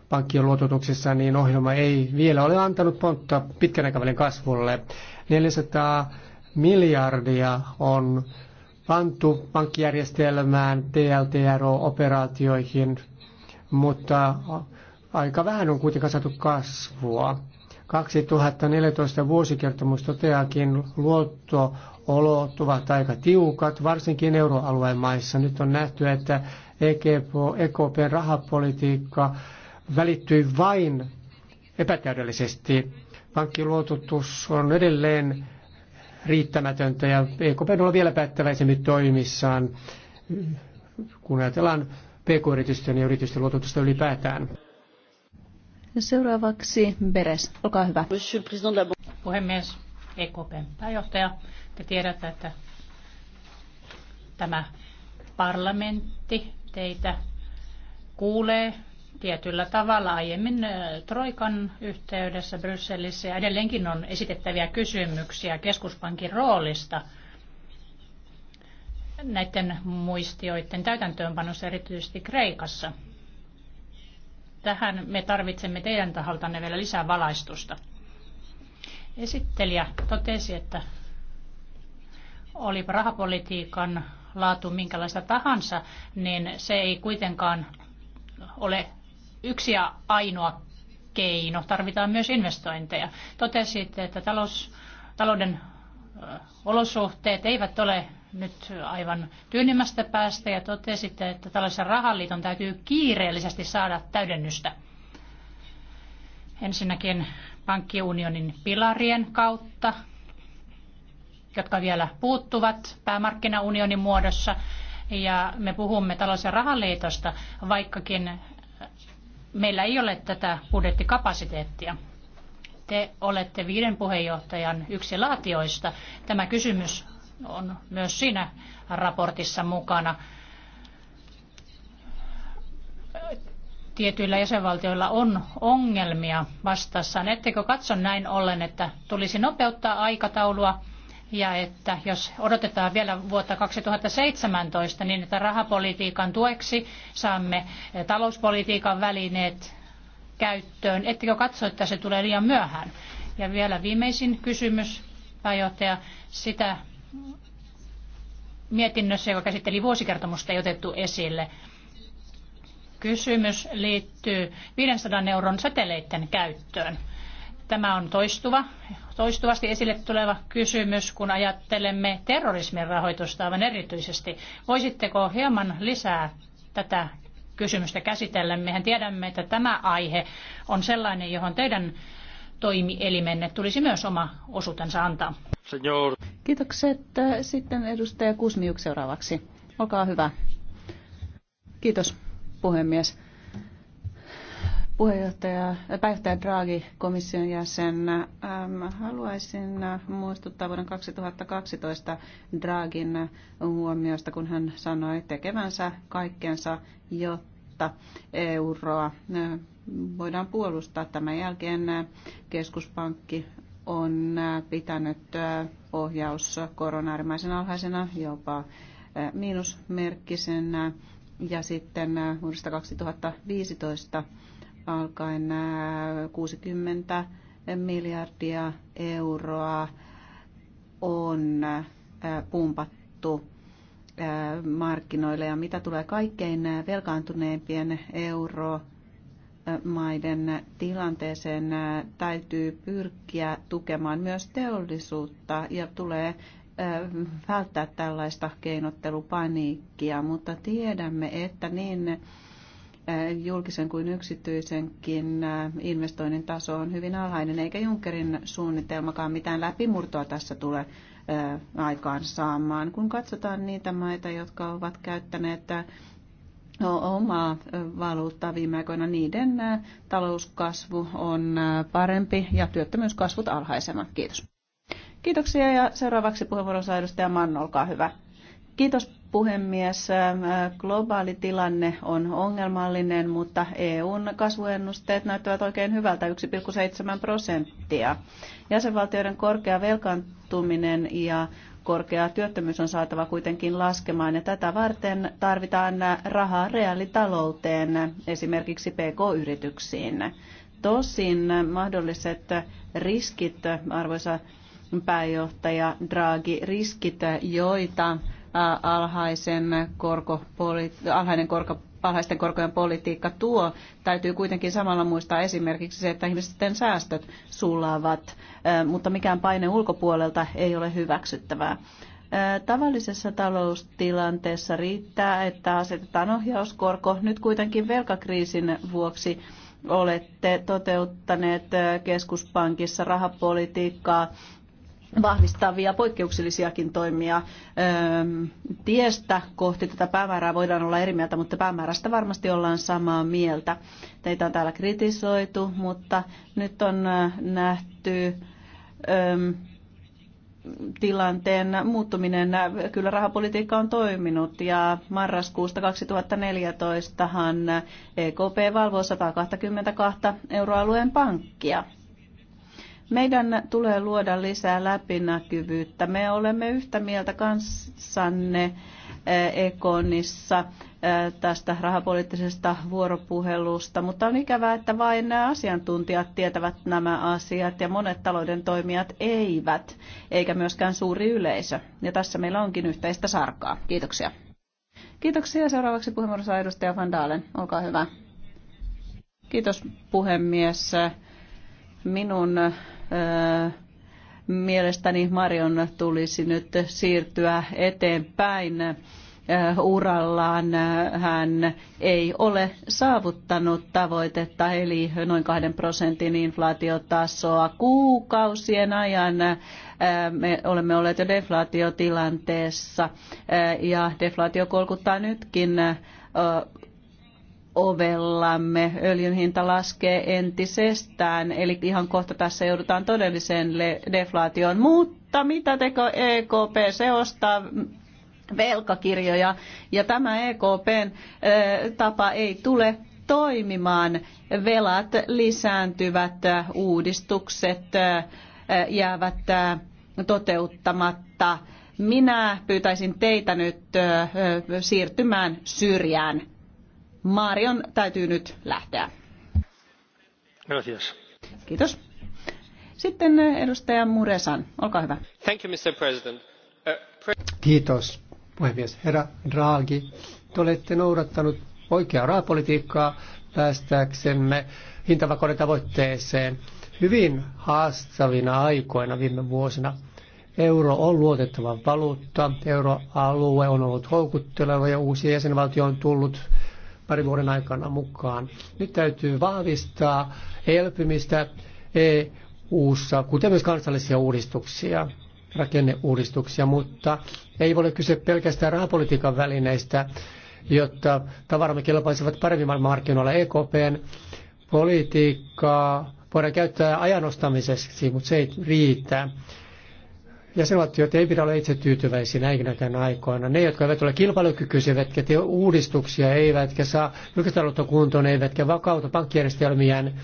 pankkien luototuksessa, niin ohjelma ei vielä ole antanut pontta pitkän aikavälin kasvulle. 400 miljardia on pantu pankkijärjestelmään, TLTRO-operaatioihin, mutta aika vähän on kuitenkin saatu kasvua. 2014 vuosikertomus toteakin, luottoolot ovat aika tiukat, varsinkin euroalueen maissa. Nyt on nähty, että EKPn e rahapolitiikka välittyi vain epätäydellisesti. Pankkiluototus on edelleen riittämätöntä ja EKP on vielä päättäväisemmin toimissaan, kun ajatellaan pk-yritysten ja yritysten luototusta ylipäätään. Seuraavaksi Beres, olkaa hyvä. Puhemies, EKP pääjohtaja, te tiedätte, että tämä parlamentti teitä kuulee tietyllä tavalla aiemmin Troikan yhteydessä Brysselissä ja edelleenkin on esitettäviä kysymyksiä keskuspankin roolista näiden muistioiden täytäntöönpanossa erityisesti Kreikassa. Tähän me tarvitsemme teidän taholtanne vielä lisää valaistusta. Esittelijä totesi, että olipa rahapolitiikan laatu minkälaista tahansa, niin se ei kuitenkaan ole yksi ja ainoa keino. Tarvitaan myös investointeja. Totesitte, että talous, talouden olosuhteet eivät ole nyt aivan tyynimmästä päästä ja totesitte, että tällaisen rahaliiton täytyy kiireellisesti saada täydennystä. Ensinnäkin pankkiunionin pilarien kautta, jotka vielä puuttuvat päämarkkinaunionin muodossa. Ja me puhumme talous- ja rahaliitosta, vaikkakin meillä ei ole tätä budjettikapasiteettia. Te olette viiden puheenjohtajan yksi laatioista. Tämä kysymys on myös siinä raportissa mukana. Tietyillä jäsenvaltioilla on ongelmia vastassaan. Ettekö katso näin ollen, että tulisi nopeuttaa aikataulua ja että jos odotetaan vielä vuotta 2017, niin että rahapolitiikan tueksi saamme talouspolitiikan välineet käyttöön. Ettekö katso, että se tulee liian myöhään? Ja vielä viimeisin kysymys, pääjohtaja. Sitä mietinnössä, joka käsitteli vuosikertomusta, ei otettu esille. Kysymys liittyy 500 euron seteleiden käyttöön. Tämä on toistuva, toistuvasti esille tuleva kysymys, kun ajattelemme terrorismin rahoitusta aivan erityisesti. Voisitteko hieman lisää tätä kysymystä käsitellä? Mehän tiedämme, että tämä aihe on sellainen, johon teidän toimielimenne tulisi myös oma osuutensa antaa. Senior. Kiitokset. Sitten edustaja Kusmiuk seuraavaksi. Olkaa hyvä. Kiitos puhemies puheenjohtaja, pääjohtaja Draghi, komission jäsen. Ähm, haluaisin äh, muistuttaa vuoden 2012 Draghin huomiosta, kun hän sanoi tekevänsä kaikkensa, jotta euroa äh, voidaan puolustaa. Tämän jälkeen äh, keskuspankki on pitänyt ohjaus korona äärimmäisen alhaisena, jopa miinusmerkkisenä. Ja sitten vuodesta 2015 alkaen 60 äh, miljardia euroa on äh, pumpattu äh, markkinoille ja mitä tulee kaikkein velkaantuneimpien euromaiden tilanteeseen, täytyy pyrkiä tukemaan myös teollisuutta ja tulee välttää tällaista keinottelupaniikkia, mutta tiedämme, että niin Eh, julkisen kuin yksityisenkin eh, investoinnin taso on hyvin alhainen, eikä Junckerin suunnitelmakaan mitään läpimurtoa tässä tule eh, aikaan saamaan. Kun katsotaan niitä maita, jotka ovat käyttäneet omaa valuuttaa viime aikoina, niiden talouskasvu on parempi ja työttömyyskasvut alhaisemmat. Kiitos. Kiitoksia ja seuraavaksi puheenvuoron saa edustaja Mann, olkaa hyvä. Kiitos puhemies. Ähm, globaali tilanne on ongelmallinen, mutta EUn kasvuennusteet näyttävät oikein hyvältä 1,7 prosenttia. Jäsenvaltioiden korkea velkaantuminen ja korkea työttömyys on saatava kuitenkin laskemaan ja tätä varten tarvitaan rahaa reaalitalouteen, esimerkiksi PK-yrityksiin. Tosin mahdolliset riskit, arvoisa pääjohtaja Draghi, riskit, joita alhaisen korkopoli- alhainen korko, alhaisten korkojen politiikka tuo. Täytyy kuitenkin samalla muistaa esimerkiksi se, että ihmisten säästöt sulaavat, mutta mikään paine ulkopuolelta ei ole hyväksyttävää. Tavallisessa taloustilanteessa riittää, että asetetaan ohjauskorko. Nyt kuitenkin velkakriisin vuoksi olette toteuttaneet keskuspankissa rahapolitiikkaa, vahvistavia poikkeuksellisiakin toimia. Tiestä kohti tätä päämäärää voidaan olla eri mieltä, mutta päämäärästä varmasti ollaan samaa mieltä. Teitä on täällä kritisoitu, mutta nyt on nähty tilanteen muuttuminen. Kyllä rahapolitiikka on toiminut ja marraskuusta 2014han EKP valvoo 122 euroalueen pankkia. Meidän tulee luoda lisää läpinäkyvyyttä. Me olemme yhtä mieltä kanssanne eh, Ekonissa eh, tästä rahapoliittisesta vuoropuhelusta, mutta on ikävää, että vain nämä asiantuntijat tietävät nämä asiat ja monet talouden toimijat eivät, eikä myöskään suuri yleisö. Ja tässä meillä onkin yhteistä sarkaa. Kiitoksia. Kiitoksia. Seuraavaksi puheenvuorossa edustaja Van Dalen. Olkaa hyvä. Kiitos puhemies. Minun mielestäni Marion tulisi nyt siirtyä eteenpäin urallaan. Hän ei ole saavuttanut tavoitetta, eli noin kahden prosentin inflaatiotasoa kuukausien ajan. Me olemme olleet jo deflaatiotilanteessa ja deflaatio kolkuttaa nytkin ovellamme öljyn hinta laskee entisestään, eli ihan kohta tässä joudutaan todelliseen deflaatioon. Mutta mitä teko EKP? Se ostaa velkakirjoja ja tämä EKPn tapa ei tule toimimaan. Velat lisääntyvät, uudistukset jäävät toteuttamatta. Minä pyytäisin teitä nyt siirtymään syrjään. Marion täytyy nyt lähteä. Gracias. Kiitos. Sitten eh, edustaja Muresan, olkaa hyvä. Thank you, Mr. President. Uh, Kiitos, puhemies. Herra Draghi, te olette noudattanut oikeaa rahapolitiikkaa päästääksemme hintavakauden tavoitteeseen hyvin haastavina aikoina viime vuosina. Euro on luotettava valuutta, euroalue on ollut houkutteleva ja uusia jäsenvaltio on tullut parin vuoden aikana mukaan. Nyt täytyy vahvistaa elpymistä EU-ssa, kuten myös kansallisia uudistuksia, rakenneuudistuksia, mutta ei ole kyse pelkästään rahapolitiikan välineistä, jotta tavaramme kelpaisivat paremmin maailmanmarkkinoilla EKPn politiikkaa voidaan käyttää ajanostamiseksi, mutta se ei riitä. Jäsenvaltiot ei pidä olla itse tyytyväisiä näinäkään aikoina. Ne, jotka eivät ole kilpailukykyisiä, eivätkä tee uudistuksia, eivätkä saa julkistaloutta kuntoon, eivätkä vakauta pankkijärjestelmiään,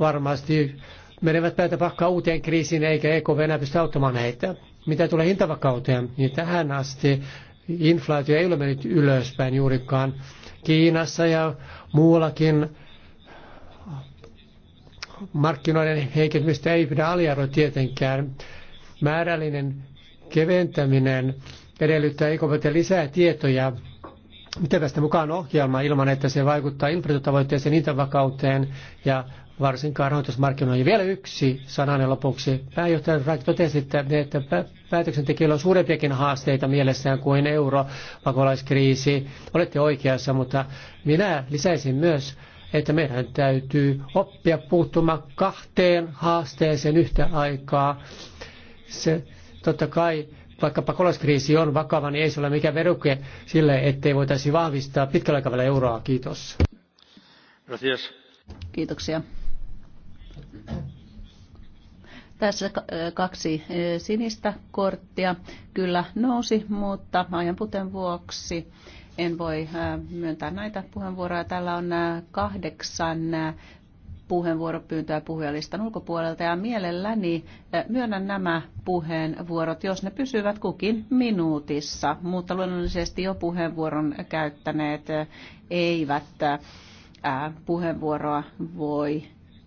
varmasti menevät päätä pakkaa uuteen kriisiin, eikä EKV enää pysty auttamaan heitä. Mitä tulee hintavakauteen, niin tähän asti inflaatio ei ole mennyt ylöspäin juurikaan. Kiinassa ja muuallakin markkinoiden heikentymistä ei pidä aliarvoa tietenkään. Määrällinen keventäminen edellyttää EKPltä lisää tietoja, miten tästä mukaan ohjelma ilman, että se vaikuttaa inflatio intervakauteen ja varsinkaan rahoitusmarkkinoihin. Vielä yksi sananen lopuksi. Pääjohtaja Draghi totesi, että, että päätöksentekijöillä on suurempiakin haasteita mielessään kuin europakolaiskriisi. Olette oikeassa, mutta minä lisäisin myös, että meidän täytyy oppia puuttumaan kahteen haasteeseen yhtä aikaa se totta kai, vaikka pakolaiskriisi on vakava, niin ei se ole mikään veruke sille, ettei voitaisi vahvistaa pitkällä aikavälillä euroa. Kiitos. Gracias. Kiitoksia. Tässä kaksi sinistä korttia kyllä nousi, mutta ajan puten vuoksi en voi myöntää näitä puheenvuoroja. Täällä on kahdeksan puheenvuoropyyntöä puhujalistan ulkopuolelta ja mielelläni eh, myönnän nämä puheenvuorot, jos ne pysyvät kukin minuutissa, mutta luonnollisesti jo puheenvuoron käyttäneet eh, eivät eh, puheenvuoroa voi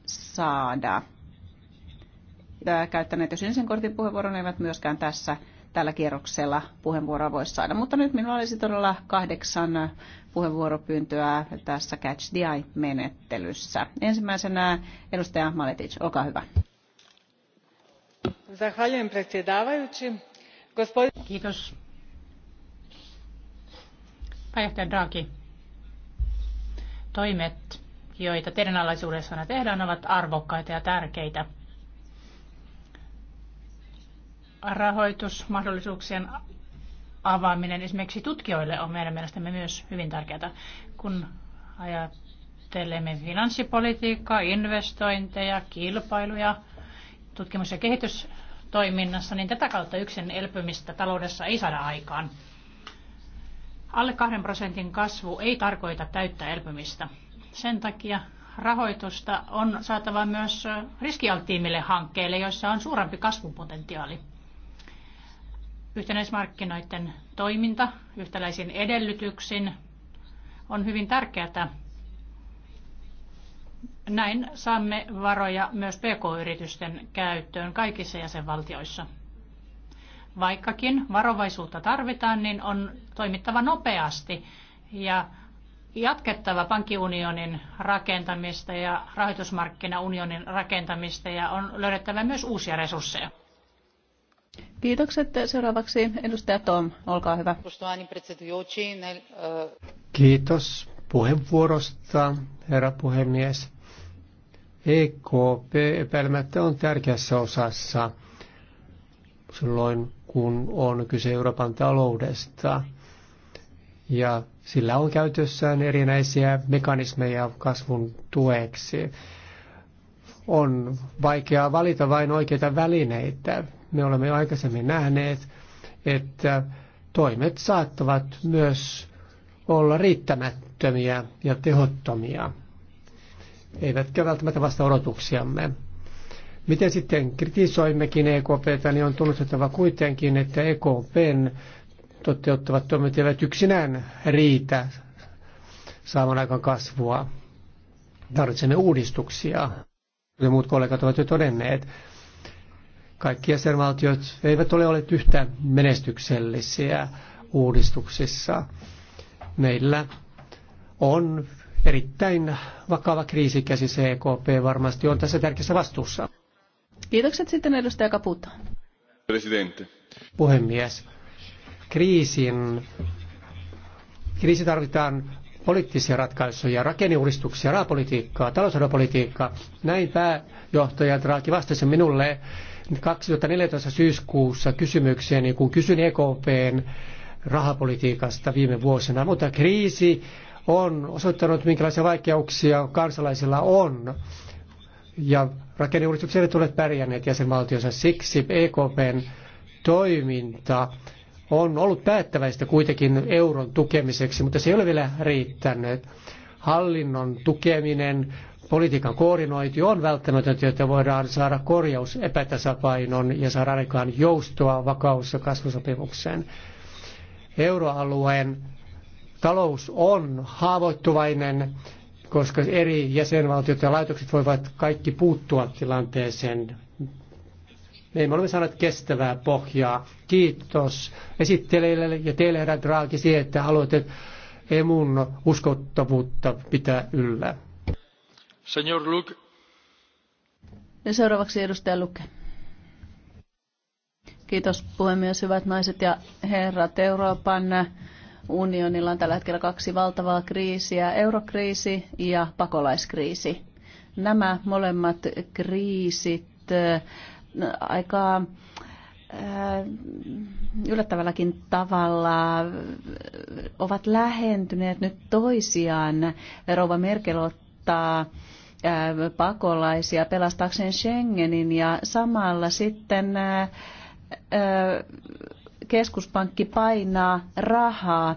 saada. Käyttäneet jo sinisen kortin puheenvuoron eivät myöskään tässä tällä kierroksella puheenvuoroa voi saada. Mutta nyt minulla olisi todella kahdeksan puheenvuoropyyntöä tässä Catch the Eye-menettelyssä. Ensimmäisenä edustaja Maletic, olkaa hyvä. Kiitos. Pääjohtaja Draghi, toimet, joita teidän alaisuudessanne tehdään, ovat arvokkaita ja tärkeitä. Rahoitusmahdollisuuksien avaaminen esimerkiksi tutkijoille on meidän mielestämme myös hyvin tärkeää, kun ajattelemme finanssipolitiikkaa, investointeja, kilpailuja, tutkimus- ja kehitystoiminnassa, niin tätä kautta yksin elpymistä taloudessa ei saada aikaan. Alle kahden prosentin kasvu ei tarkoita täyttää elpymistä. Sen takia rahoitusta on saatava myös riskialttiimille hankkeille, joissa on suurempi kasvupotentiaali yhtenäismarkkinoiden toiminta yhtäläisin edellytyksin on hyvin tärkeää. Näin saamme varoja myös pk-yritysten käyttöön kaikissa jäsenvaltioissa. Vaikkakin varovaisuutta tarvitaan, niin on toimittava nopeasti ja jatkettava pankkiunionin rakentamista ja rahoitusmarkkinaunionin rakentamista ja on löydettävä myös uusia resursseja. Kiitokset. Seuraavaksi edustaja Tom, olkaa hyvä. Eh, Kiitos puheenvuorosta, herra puhemies. EKP epäilemättä on tärkeässä osassa silloin, kun on kyse Euroopan taloudesta. Ja sillä on käytössään erinäisiä mekanismeja kasvun tueksi. On vaikea valita vain oikeita välineitä me olemme jo aikaisemmin nähneet, että toimet saattavat myös olla riittämättömiä ja tehottomia, eivätkä välttämättä vasta odotuksiamme. Miten sitten kritisoimmekin EKPtä, niin on tunnustettava kuitenkin, että EKPn toteuttavat toimet eivät yksinään riitä saamaan aikaan kasvua. Tarvitsemme uudistuksia, kuten muut kollegat ovat jo todenneet. Kaikki jäsenvaltiot eivät ole olleet yhtä menestyksellisiä uudistuksissa. Meillä on erittäin vakava kriisi käsissä. EKP varmasti on tässä tärkeässä vastuussa. Kiitokset sitten edustaja Kaputa. Presidente. Puhemies. Kriisin, kriisi tarvitaan poliittisia ratkaisuja, rakenneuudistuksia, rahapolitiikkaa, talousarvopolitiikkaa. Näin pääjohtaja Draghi vastasi minulle 2014 syyskuussa kysymykseen, niin kun kysyin EKPn rahapolitiikasta viime vuosina, mutta kriisi on osoittanut, minkälaisia vaikeuksia kansalaisilla on. Ja rakenneuudistukset eivät ole pärjänneet jäsenvaltiossa. Siksi EKPn toiminta on ollut päättäväistä kuitenkin euron tukemiseksi, mutta se ei ole vielä riittänyt. Hallinnon tukeminen, politiikan koordinointi on välttämätöntä, jotta voidaan saada korjaus epätasapainon ja saada aikaan joustoa vakaus- ja kasvusopimukseen. Euroalueen talous on haavoittuvainen, koska eri jäsenvaltiot ja laitokset voivat kaikki puuttua tilanteeseen. Me emme ole saaneet kestävää pohjaa. Kiitos esittelijälle ja teille, herra Draghi, siitä, että haluatte emun uskottavuutta pitää yllä. Señor Luke. Ja seuraavaksi edustaja Luke. Kiitos puhemies, hyvät naiset ja herrat. Euroopan unionilla on tällä hetkellä kaksi valtavaa kriisiä, eurokriisi ja pakolaiskriisi. Nämä molemmat kriisit äh, aika äh, yllättävälläkin tavalla äh, ovat lähentyneet nyt toisiaan. Rouva Merkel otti auttaa pakolaisia pelastaakseen Schengenin ja samalla sitten keskuspankki painaa rahaa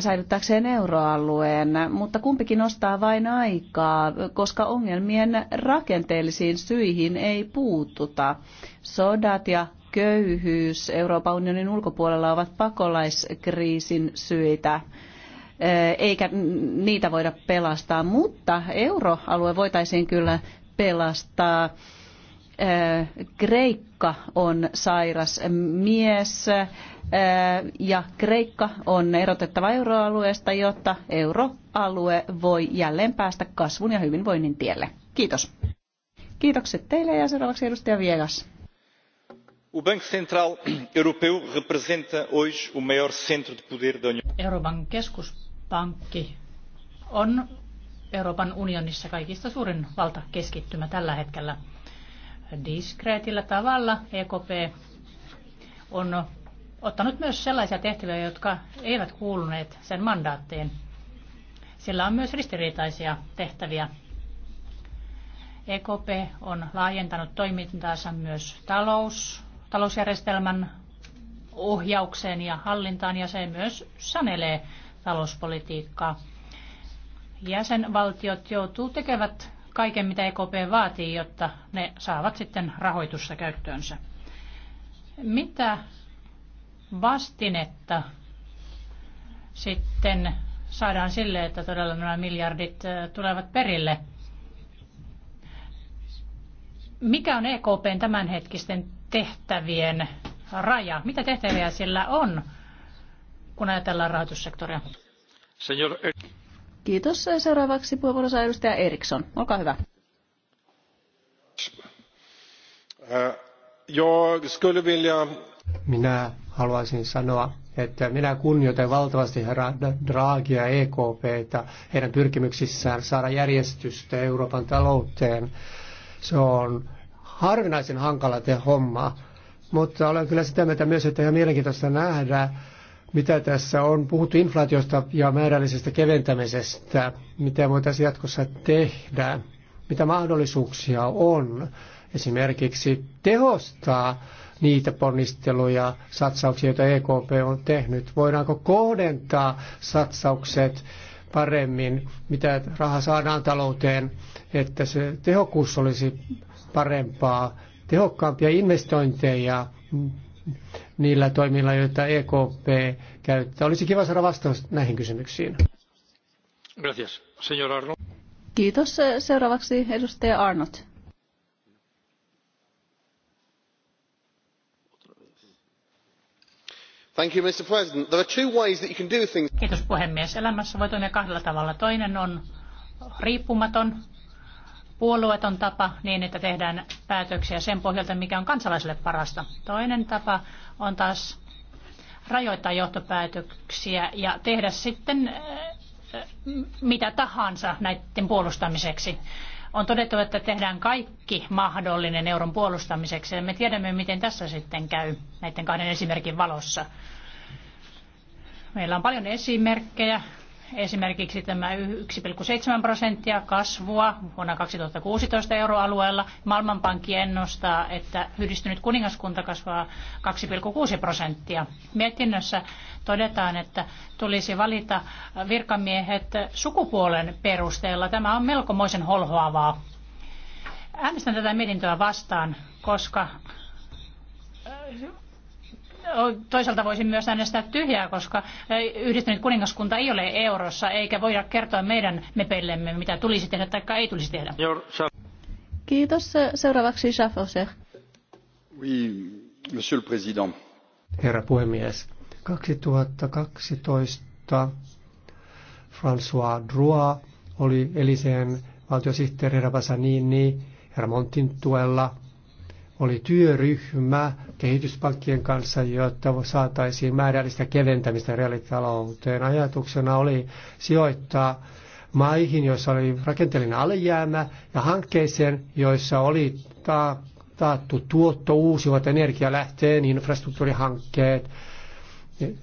säilyttääkseen euroalueen, mutta kumpikin ostaa vain aikaa, koska ongelmien rakenteellisiin syihin ei puututa. Sodat ja köyhyys Euroopan unionin ulkopuolella ovat pakolaiskriisin syitä eikä niitä voida pelastaa, mutta euroalue voitaisiin kyllä pelastaa. Kreikka on sairas mies ja Kreikka on erotettava euroalueesta, jotta euroalue voi jälleen päästä kasvun ja hyvinvoinnin tielle. Kiitos. Kiitokset teille ja seuraavaksi edustaja Viegas. O Banco Central Europeu representa hoje o maior centro de poder da União. Euroopan keskus pankki on Euroopan unionissa kaikista suurin valtakeskittymä tällä hetkellä. Diskreetillä tavalla EKP on ottanut myös sellaisia tehtäviä, jotka eivät kuuluneet sen mandaattiin. Sillä on myös ristiriitaisia tehtäviä. EKP on laajentanut toimintaansa myös talous, talousjärjestelmän ohjaukseen ja hallintaan ja se myös sanelee talouspolitiikkaa. Jäsenvaltiot joutuu tekevät kaiken, mitä EKP vaatii, jotta ne saavat sitten rahoitusta käyttöönsä. Mitä vastinetta sitten saadaan sille, että todella nämä miljardit äh, tulevat perille? Mikä on EKPn tämänhetkisten tehtävien raja? Mitä tehtäviä sillä on? kun ajatellaan rahoitussektoria. Senior... E- Kiitos. Seuraavaksi puheenvuorossa edustaja Eriksson. Olkaa hyvä. Äh, minä haluaisin sanoa, että minä kunnioitan valtavasti herra Draghi ja EKPtä heidän pyrkimyksissään saada järjestystä Euroopan talouteen. Se on harvinaisen hankala te homma, mutta olen kyllä sitä mieltä myös, että on mielenkiintoista nähdä, mitä tässä on puhuttu inflaatiosta ja määrällisestä keventämisestä, mitä voitaisiin jatkossa tehdä, mitä mahdollisuuksia on esimerkiksi tehostaa niitä ponnisteluja, satsauksia, joita EKP on tehnyt. Voidaanko kohdentaa satsaukset paremmin, mitä raha saadaan talouteen, että se tehokkuus olisi parempaa, tehokkaampia investointeja, niillä toimilla, joita EKP käyttää. Olisi kiva saada vastaus näihin kysymyksiin. Gracias, señor Arnold. Kiitos. Seuraavaksi edustaja Arnott. Kiitos puhemies. Elämässä voi toimia kahdella tavalla. Toinen on riippumaton puolueeton tapa niin, että tehdään päätöksiä sen pohjalta, mikä on kansalaisille parasta. Toinen tapa on taas rajoittaa johtopäätöksiä ja tehdä sitten eh, mitä tahansa näiden puolustamiseksi. On todettu, että tehdään kaikki mahdollinen euron puolustamiseksi ja me tiedämme, miten tässä sitten käy näiden kahden esimerkin valossa. Meillä on paljon esimerkkejä esimerkiksi tämä 1,7 prosenttia kasvua vuonna 2016 euroalueella. Maailmanpankki ennustaa, että yhdistynyt kuningaskunta kasvaa 2,6 prosenttia. Mietinnössä todetaan, että tulisi valita virkamiehet sukupuolen perusteella. Tämä on melkomoisen holhoavaa. Äänestän tätä mietintöä vastaan, koska toisaalta voisin myös äänestää tyhjää, koska yhdistynyt kuningaskunta ei ole eurossa, eikä voida kertoa meidän mepeillemme, mitä tulisi tehdä tai ei tulisi tehdä. Kiitos. Seuraavaksi Schaffoser. Oui, monsieur le président. Herra puhemies, 2012 François Drouat oli Eliseen valtiosihteeri Rabasanini Hermontin tuella – oli työryhmä kehityspankkien kanssa, jotta saataisiin määrällistä keventämistä reaalitalouteen. Ajatuksena oli sijoittaa maihin, joissa oli rakenteellinen alijäämä, ja hankkeeseen, joissa oli ta- taattu tuotto, uusivat energialähteen, infrastruktuurihankkeet.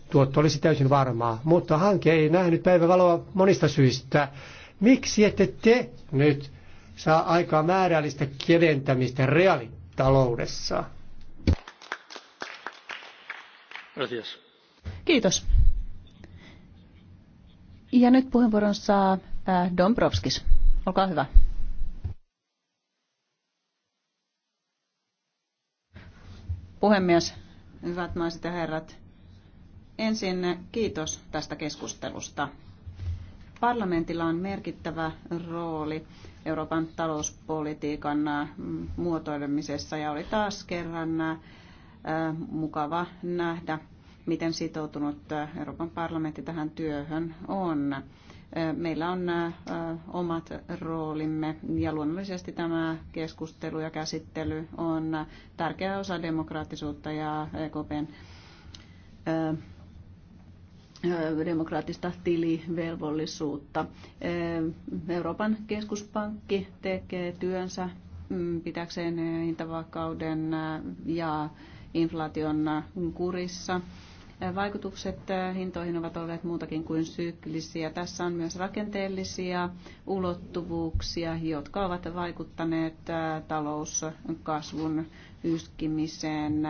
Tuotto olisi täysin varmaa, mutta hanke ei nähnyt päivävaloa monista syistä. Miksi ette te nyt saa aikaa määrällistä keventämistä reaalit? taloudessa. Kiitos. Kiitos. Ja nyt puheenvuoron saa äh, Dombrovskis. Olkaa hyvä. Puhemies, hyvät naiset ja herrat. Ensin kiitos tästä keskustelusta. Parlamentilla on merkittävä rooli Euroopan talouspolitiikan äh, muotoilemisessa ja oli taas kerran äh, mukava nähdä, miten sitoutunut äh, Euroopan parlamentti tähän työhön on. Meillä on omat roolimme ja luonnollisesti tämä keskustelu ja käsittely on tärkeä osa demokraattisuutta ja EKPn demokraattista tilivelvollisuutta. Euroopan keskuspankki tekee työnsä mm, pitäkseen hintavakauden ja inflaation kurissa. Vaikutukset hintoihin ovat olleet muutakin kuin syklisiä. Tässä on myös rakenteellisia ulottuvuuksia, jotka ovat vaikuttaneet talouskasvun yskimiseen.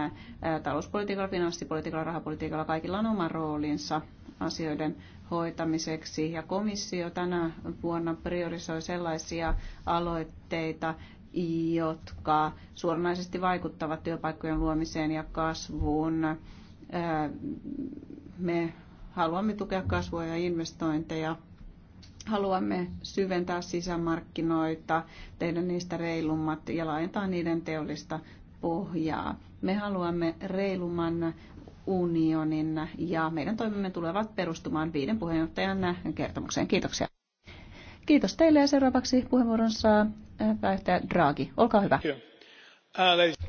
Talouspolitiikalla, finanssipolitiikalla, rahapolitiikalla kaikilla on oma roolinsa asioiden hoitamiseksi. Ja komissio tänä vuonna priorisoi sellaisia aloitteita, jotka suoranaisesti vaikuttavat työpaikkojen luomiseen ja kasvuun. Me haluamme tukea kasvua ja investointeja. Haluamme syventää sisämarkkinoita, tehdä niistä reilummat ja laajentaa niiden teollista pohjaa. Me haluamme reilumman unionin ja meidän toimimme tulevat perustumaan viiden puheenjohtajan kertomukseen. Kiitoksia. Kiitos teille ja seuraavaksi puheenvuoron saa äh, pääjohtaja Draghi. Olkaa hyvä.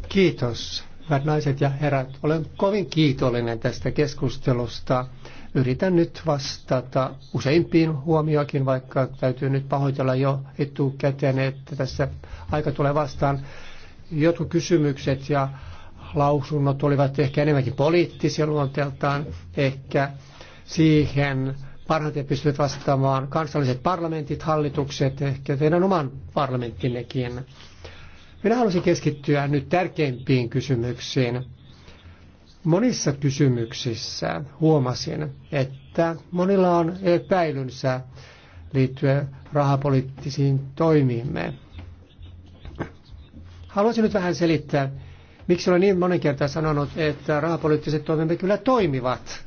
Kiitos, hyvät naiset ja herrat. Olen kovin kiitollinen tästä keskustelusta. Yritän nyt vastata useimpiin huomioikin, vaikka täytyy nyt pahoitella jo etukäteen, että tässä aika tulee vastaan jotkut kysymykset ja lausunnot olivat ehkä enemmänkin poliittisia luonteeltaan, ehkä siihen parhaiten pystyvät vastaamaan kansalliset parlamentit, hallitukset, ehkä teidän oman parlamenttinnekin. Minä haluaisin keskittyä nyt tärkeimpiin kysymyksiin. Monissa kysymyksissä huomasin, että monilla on epäilynsä liittyen rahapoliittisiin toimiimme. Haluaisin nyt vähän selittää, Miksi olen niin monen kertaa sanonut, että rahapoliittiset toimemme kyllä toimivat?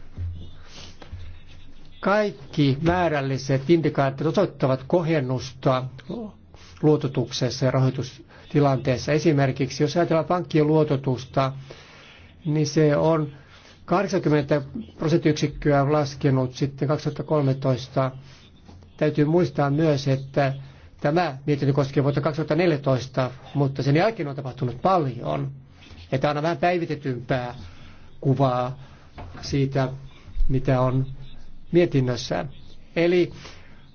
Kaikki määrälliset indikaattorit osoittavat kohennusta luototuksessa ja rahoitustilanteessa. Esimerkiksi jos ajatellaan pankkien luototusta, niin se on 80 prosenttiyksikköä laskenut sitten 2013. Täytyy muistaa myös, että tämä mietintö koskee vuotta 2014, mutta sen jälkeen on tapahtunut paljon että aina vähän päivitetympää kuvaa siitä, mitä on mietinnössä. Eli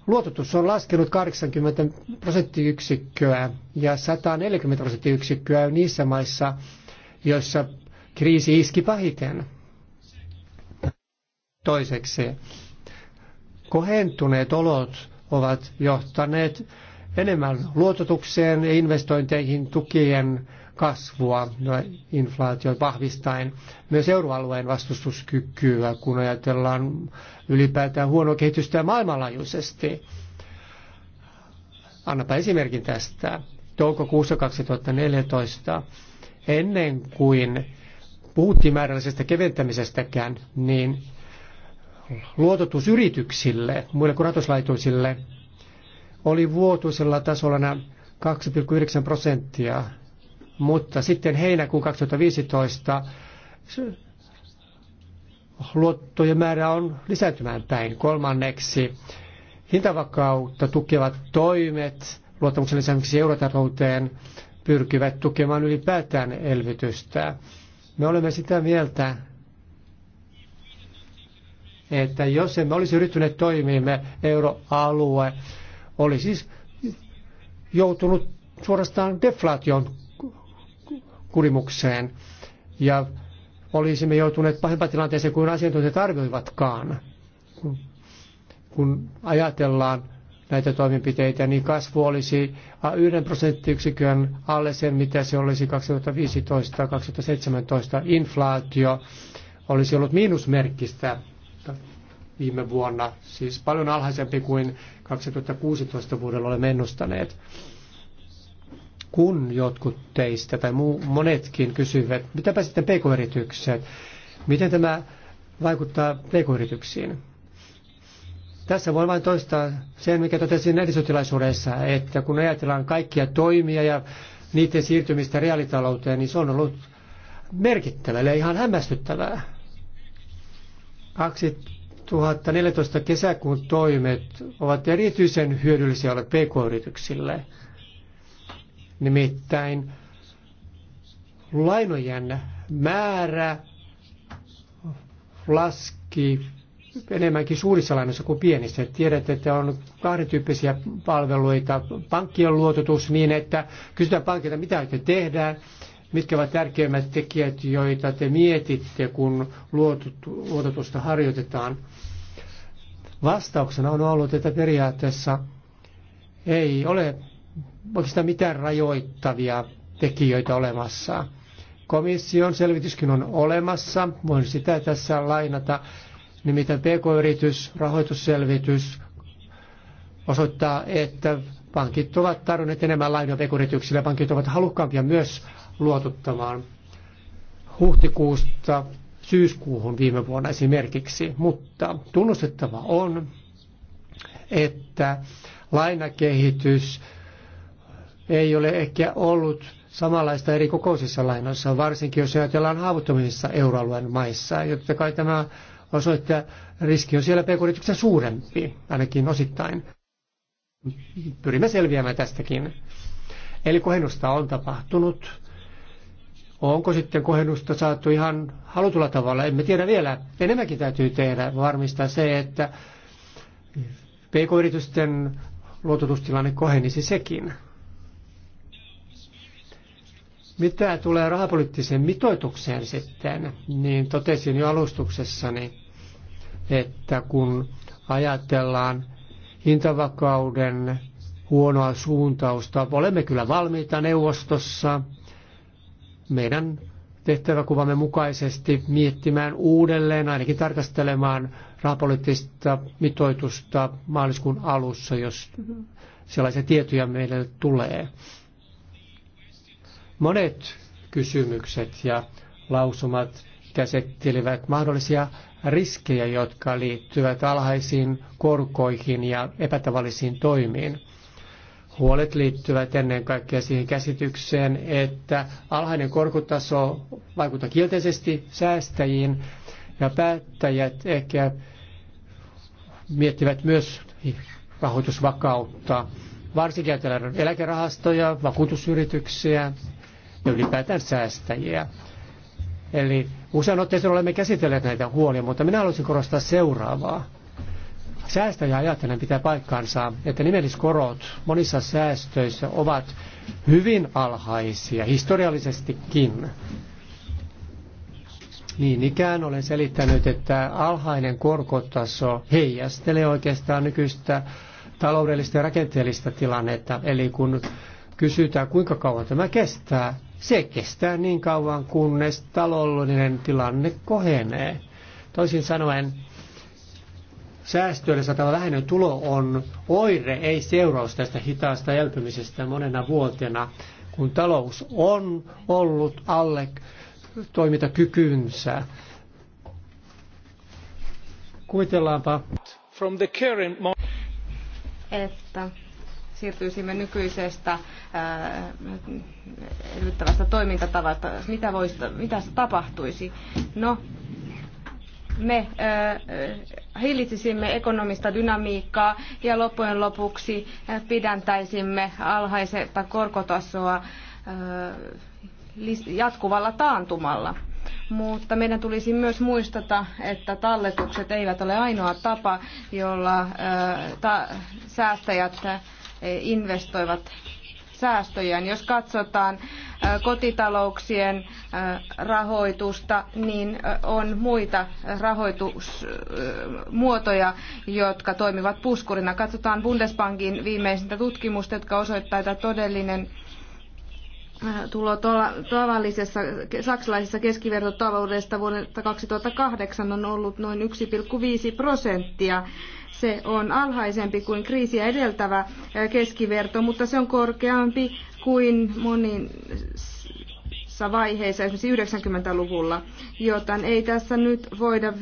luototus on laskenut 80 prosenttiyksikköä ja 140 prosenttiyksikköä niissä maissa, joissa kriisi iski pahiten. Toiseksi, kohentuneet olot ovat johtaneet enemmän luototukseen ja investointeihin tukien kasvua no, inflaation vahvistaen myös euroalueen vastustuskykyä, kun ajatellaan ylipäätään huonoa kehitystä maailmanlaajuisesti. Annapa esimerkin tästä. Toukokuussa 2014, ennen kuin puhuttiin määrällisestä keventämisestäkään, niin luototusyrityksille, muille kuin rahoituslaitoisille, oli vuotuisella tasolla 2,9 prosenttia mutta sitten heinäkuun 2015 luottojen määrä on lisääntymään päin. Kolmanneksi hintavakautta tukevat toimet luottamuksen lisäämiseksi eurotalouteen pyrkivät tukemaan ylipäätään elvytystä. Me olemme sitä mieltä, että jos emme olisi yrittäneet toimia, me euroalue olisi siis joutunut suorastaan deflaation kurimukseen ja olisimme joutuneet pahempaan tilanteeseen kuin asiantuntijat arvioivatkaan. Kun, kun ajatellaan näitä toimenpiteitä, niin kasvu olisi yhden prosenttiyksikön alle sen, mitä se olisi 2015-2017. Inflaatio olisi ollut miinusmerkkistä viime vuonna, siis paljon alhaisempi kuin 2016 vuodella olemme ennustaneet kun jotkut teistä tai muu, monetkin kysyvät, mitäpä sitten pk-yritykset, miten tämä vaikuttaa pk-yrityksiin. Tässä voin vain toistaa sen, mikä totesin edistötilaisuudessa, että kun ajatellaan kaikkia toimia ja niiden siirtymistä reaalitalouteen, niin se on ollut merkittävä, eli ihan hämmästyttävää. 2014 kesäkuun toimet ovat erityisen hyödyllisiä olleet pk-yrityksille – Nimittäin lainojen määrä laski enemmänkin suurissa lainoissa kuin pienissä. Tiedät, että on kahden tyyppisiä palveluita. Pankkien luototus niin, että kysytään pankilta, mitä te tehdään, mitkä ovat tärkeimmät tekijät, joita te mietitte, kun luototusta harjoitetaan. Vastauksena on ollut, että periaatteessa ei ole oikeastaan mitään rajoittavia tekijöitä olemassa. Komission selvityskin on olemassa, voin sitä tässä lainata, nimittäin PK-yritys, rahoitusselvitys osoittaa, että pankit ovat tarjonneet enemmän lainoja pk-yrityksille, pankit ovat halukkaampia myös luotuttamaan huhtikuusta syyskuuhun viime vuonna esimerkiksi, mutta tunnustettava on, että lainakehitys ei ole ehkä ollut samanlaista eri kokoisissa lainoissa, varsinkin jos ajatellaan haavoittumisissa euroalueen maissa. Jotta kai tämä osoittaa, että riski on siellä pk suurempi, ainakin osittain. Pyrimme selviämään tästäkin. Eli kohennusta on tapahtunut. Onko sitten kohennusta saatu ihan halutulla tavalla? Emme tiedä vielä. Enemmänkin täytyy tehdä. Varmistaa se, että pk-yritysten luototustilanne kohenisi sekin. Mitä tulee rahapoliittiseen mitoitukseen sitten, niin totesin jo alustuksessani, että kun ajatellaan hintavakauden huonoa suuntausta, olemme kyllä valmiita neuvostossa meidän tehtäväkuvamme mukaisesti miettimään uudelleen, ainakin tarkastelemaan rahapoliittista mitoitusta maaliskuun alussa, jos mm-hmm. sellaisia tietoja meille tulee. Monet kysymykset ja lausumat käsittelivät mahdollisia riskejä, jotka liittyvät alhaisiin korkoihin ja epätavallisiin toimiin. Huolet liittyvät ennen kaikkea siihen käsitykseen, että alhainen korkotaso vaikuttaa kielteisesti säästäjiin ja päättäjät ehkä miettivät myös rahoitusvakautta, varsinkin eläkerahastoja, vakuutusyrityksiä ja ylipäätään säästäjiä. Eli usein otteeseen olemme käsitelleet näitä huolia, mutta minä haluaisin korostaa seuraavaa. Säästäjä ajattelen pitää paikkaansa, että nimelliskorot monissa säästöissä ovat hyvin alhaisia, historiallisestikin. Niin ikään olen selittänyt, että alhainen korkotaso heijastelee oikeastaan nykyistä taloudellista ja rakenteellista tilannetta. Eli kun kysytään, kuinka kauan tämä kestää, se kestää niin kauan, kunnes taloudellinen tilanne kohenee. Toisin sanoen, säästöillä saatava vähäinen tulo on oire, ei seuraus tästä hitaasta elpymisestä monena vuotena, kun talous on ollut alle toimintakykynsä. Kuvitellaanpa, From the current... että siirtyisimme nykyisestä elvyttävästä toimintatavasta, mitä, voisi, mitä se tapahtuisi? No, me hillitsisimme ekonomista dynamiikkaa ja loppujen lopuksi pidäntäisimme alhaisetta korkotasoa jatkuvalla taantumalla. Mutta meidän tulisi myös muistata, että talletukset eivät ole ainoa tapa, jolla säästäjät investoivat säästöjään. Jos katsotaan äh, kotitalouksien äh, rahoitusta, niin äh, on muita rahoitusmuotoja, jotka toimivat puskurina. Katsotaan Bundesbankin viimeisintä tutkimusta, jotka osoittavat, että todellinen tulo tavallisessa saksalaisessa keskivertotaloudesta vuonna 2008 on ollut noin 1,5 prosenttia. Se on alhaisempi kuin kriisiä edeltävä keskiverto, mutta se on korkeampi kuin monissa vaiheissa, esimerkiksi 90-luvulla, joten ei tässä nyt voida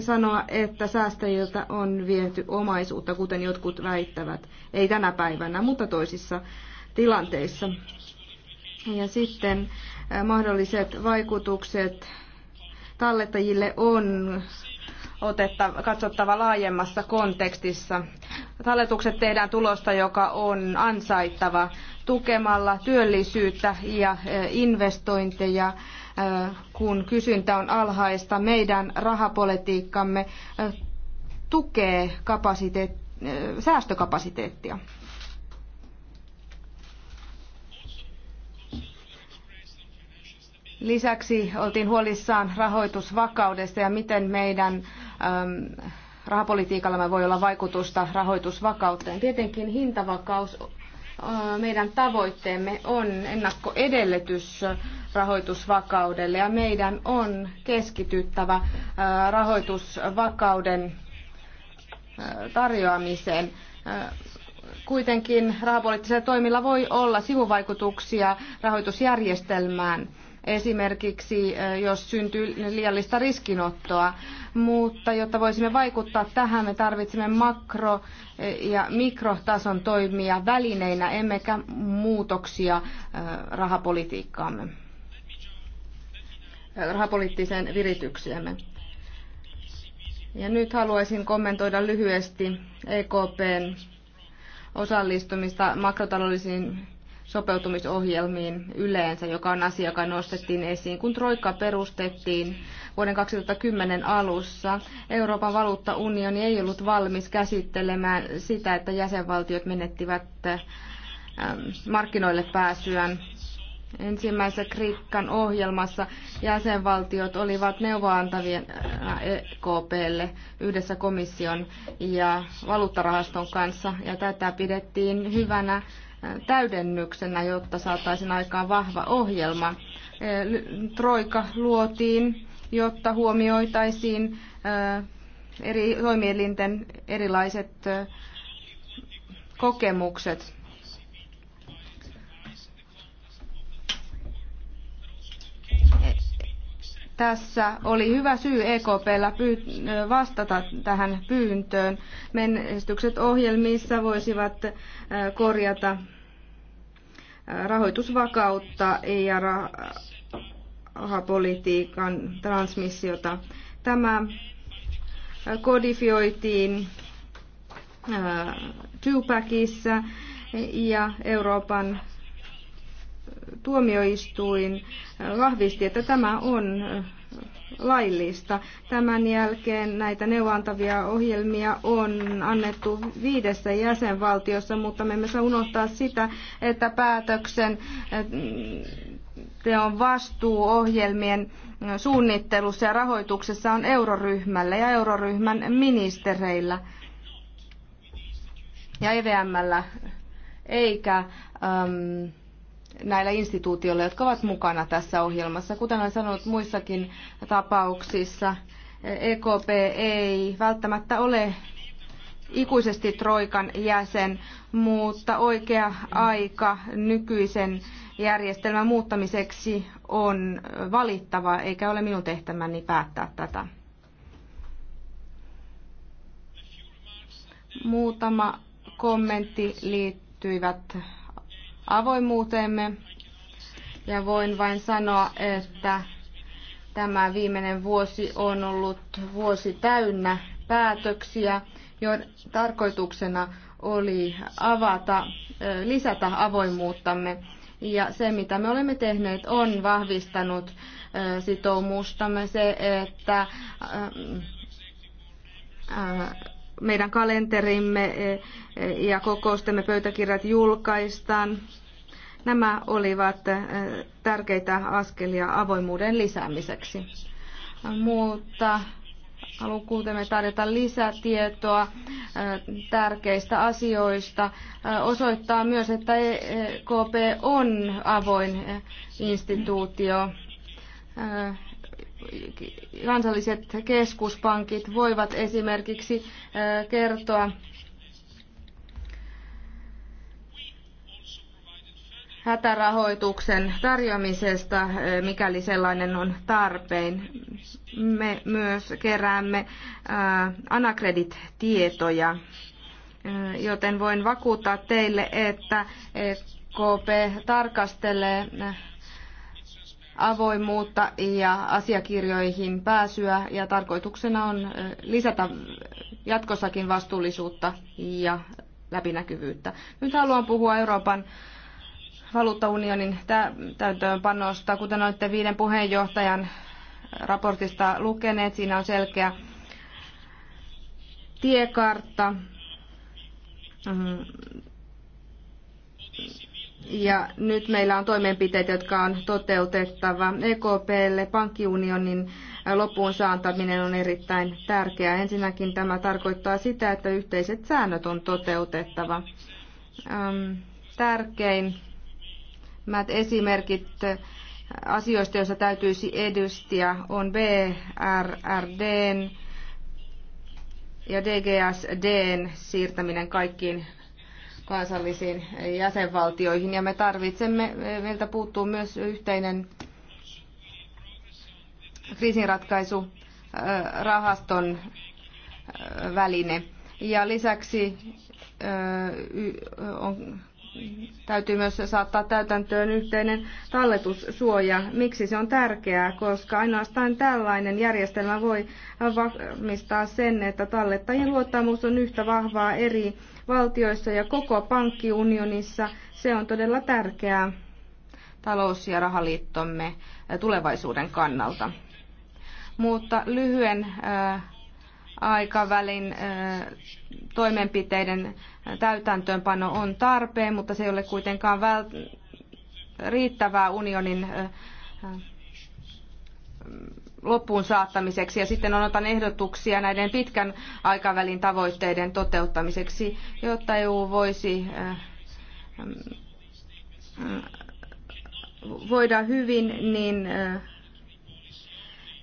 sanoa, että säästäjiltä on viety omaisuutta, kuten jotkut väittävät. Ei tänä päivänä, mutta toisissa tilanteissa. Ja sitten mahdolliset vaikutukset tallettajille on otetta, katsottava laajemmassa kontekstissa. talletukset tehdään tulosta, joka on ansaittava tukemalla työllisyyttä ja eh, investointeja, eh, kun kysyntä on alhaista. Meidän rahapolitiikkamme eh, tukee kapasiteet- säästökapasiteettia. Lisäksi oltiin huolissaan rahoitusvakaudesta ja miten meidän Ähm, rahapolitiikalla me voi olla vaikutusta rahoitusvakauteen. Tietenkin hintavakaus meidän tavoitteemme on ennakkoedellytys rahoitusvakaudelle ja meidän on keskityttävä rahoitusvakauden tarjoamiseen. Kuitenkin rahapoliittisilla toimilla voi olla sivuvaikutuksia rahoitusjärjestelmään esimerkiksi jos syntyy liiallista riskinottoa. Mutta jotta voisimme vaikuttaa tähän, me tarvitsemme makro- ja mikrotason toimia välineinä, emmekä muutoksia rahapolitiikkaamme, rahapoliittiseen viritykseemme. Ja nyt haluaisin kommentoida lyhyesti EKPn osallistumista makrotaloudellisiin sopeutumisohjelmiin yleensä, joka on asia, joka nostettiin esiin, kun Troikka perustettiin vuoden 2010 alussa. Euroopan valuuttaunioni ei ollut valmis käsittelemään sitä, että jäsenvaltiot menettivät ähm, markkinoille pääsyään. Ensimmäisessä Kriikan ohjelmassa jäsenvaltiot olivat neuvoantavien äh, EKPlle yhdessä komission ja valuuttarahaston kanssa, ja tätä pidettiin hyvänä täydennyksenä, jotta saataisiin aikaan vahva ohjelma. Troika luotiin, jotta huomioitaisiin eri toimielinten erilaiset kokemukset. E, tässä oli hyvä syy EKPllä vastata tähän pyyntöön. Menestykset ohjelmissa voisivat korjata rahoitusvakautta ja rahapolitiikan transmissiota. Tämä kodifioitiin Tupacissa ja Euroopan tuomioistuin vahvisti, että tämä on laillista. Tämän jälkeen näitä neuvontavia ohjelmia on annettu viidessä jäsenvaltiossa, mutta me emme saa unohtaa sitä, että päätöksen eh, teon vastuu ohjelmien suunnittelussa ja rahoituksessa on euroryhmällä ja euroryhmän ministereillä ja EVMllä, eikä... Ähm, näillä instituutioilla, jotka ovat mukana tässä ohjelmassa. Kuten olen sanonut muissakin tapauksissa, EKP ei välttämättä ole ikuisesti Troikan jäsen, mutta oikea aika nykyisen järjestelmän muuttamiseksi on valittava, eikä ole minun tehtäväni päättää tätä. Muutama kommentti liittyivät avoimuuteemme. Ja voin vain sanoa, että tämä viimeinen vuosi on ollut vuosi täynnä päätöksiä, joiden tarkoituksena oli avata, lisätä avoimuuttamme. Ja se, mitä me olemme tehneet, on vahvistanut sitoumustamme se, että meidän kalenterimme e, e, ja kokoustemme pöytäkirjat julkaistaan. Nämä olivat e, tärkeitä askelia avoimuuden lisäämiseksi. Mutta halukkuutemme tarjota lisätietoa tärkeistä asioista osoittaa myös, että EKP on avoin instituutio kansalliset keskuspankit voivat esimerkiksi kertoa hätärahoituksen tarjoamisesta, mikäli sellainen on tarpeen. Me myös keräämme anakredit-tietoja, joten voin vakuuttaa teille, että e KP tarkastelee avoimuutta ja asiakirjoihin pääsyä ja tarkoituksena on lisätä jatkossakin vastuullisuutta ja läpinäkyvyyttä. Nyt haluan puhua Euroopan valuuttaunionin täytäntöönpanosta. Kuten olette viiden puheenjohtajan raportista lukeneet, siinä on selkeä tiekartta mm, ja nyt meillä on toimenpiteitä, jotka on toteutettava. EKPlle pankkiunionin loppuun saantaminen on erittäin tärkeää. Ensinnäkin tämä tarkoittaa sitä, että yhteiset säännöt on toteutettava. Ähm, tärkein esimerkit asioista, joissa täytyisi edustia on BRRDn ja DGSD siirtäminen kaikkiin kansallisiin jäsenvaltioihin. Ja me tarvitsemme, meiltä puuttuu myös yhteinen kriisinratkaisu rahaston väline. Ja lisäksi on täytyy myös saattaa täytäntöön yhteinen talletussuoja. Miksi se on tärkeää? Koska ainoastaan tällainen järjestelmä voi varmistaa sen, että tallettajien luottamus on yhtä vahvaa eri valtioissa ja koko pankkiunionissa. Se on todella tärkeää talous- ja rahaliittomme tulevaisuuden kannalta. Mutta lyhyen aikavälin toimenpiteiden täytäntöönpano on tarpeen, mutta se ei ole kuitenkaan riittävää unionin loppuun saattamiseksi ja sitten on otan ehdotuksia näiden pitkän aikavälin tavoitteiden toteuttamiseksi, jotta EU voisi voida hyvin, niin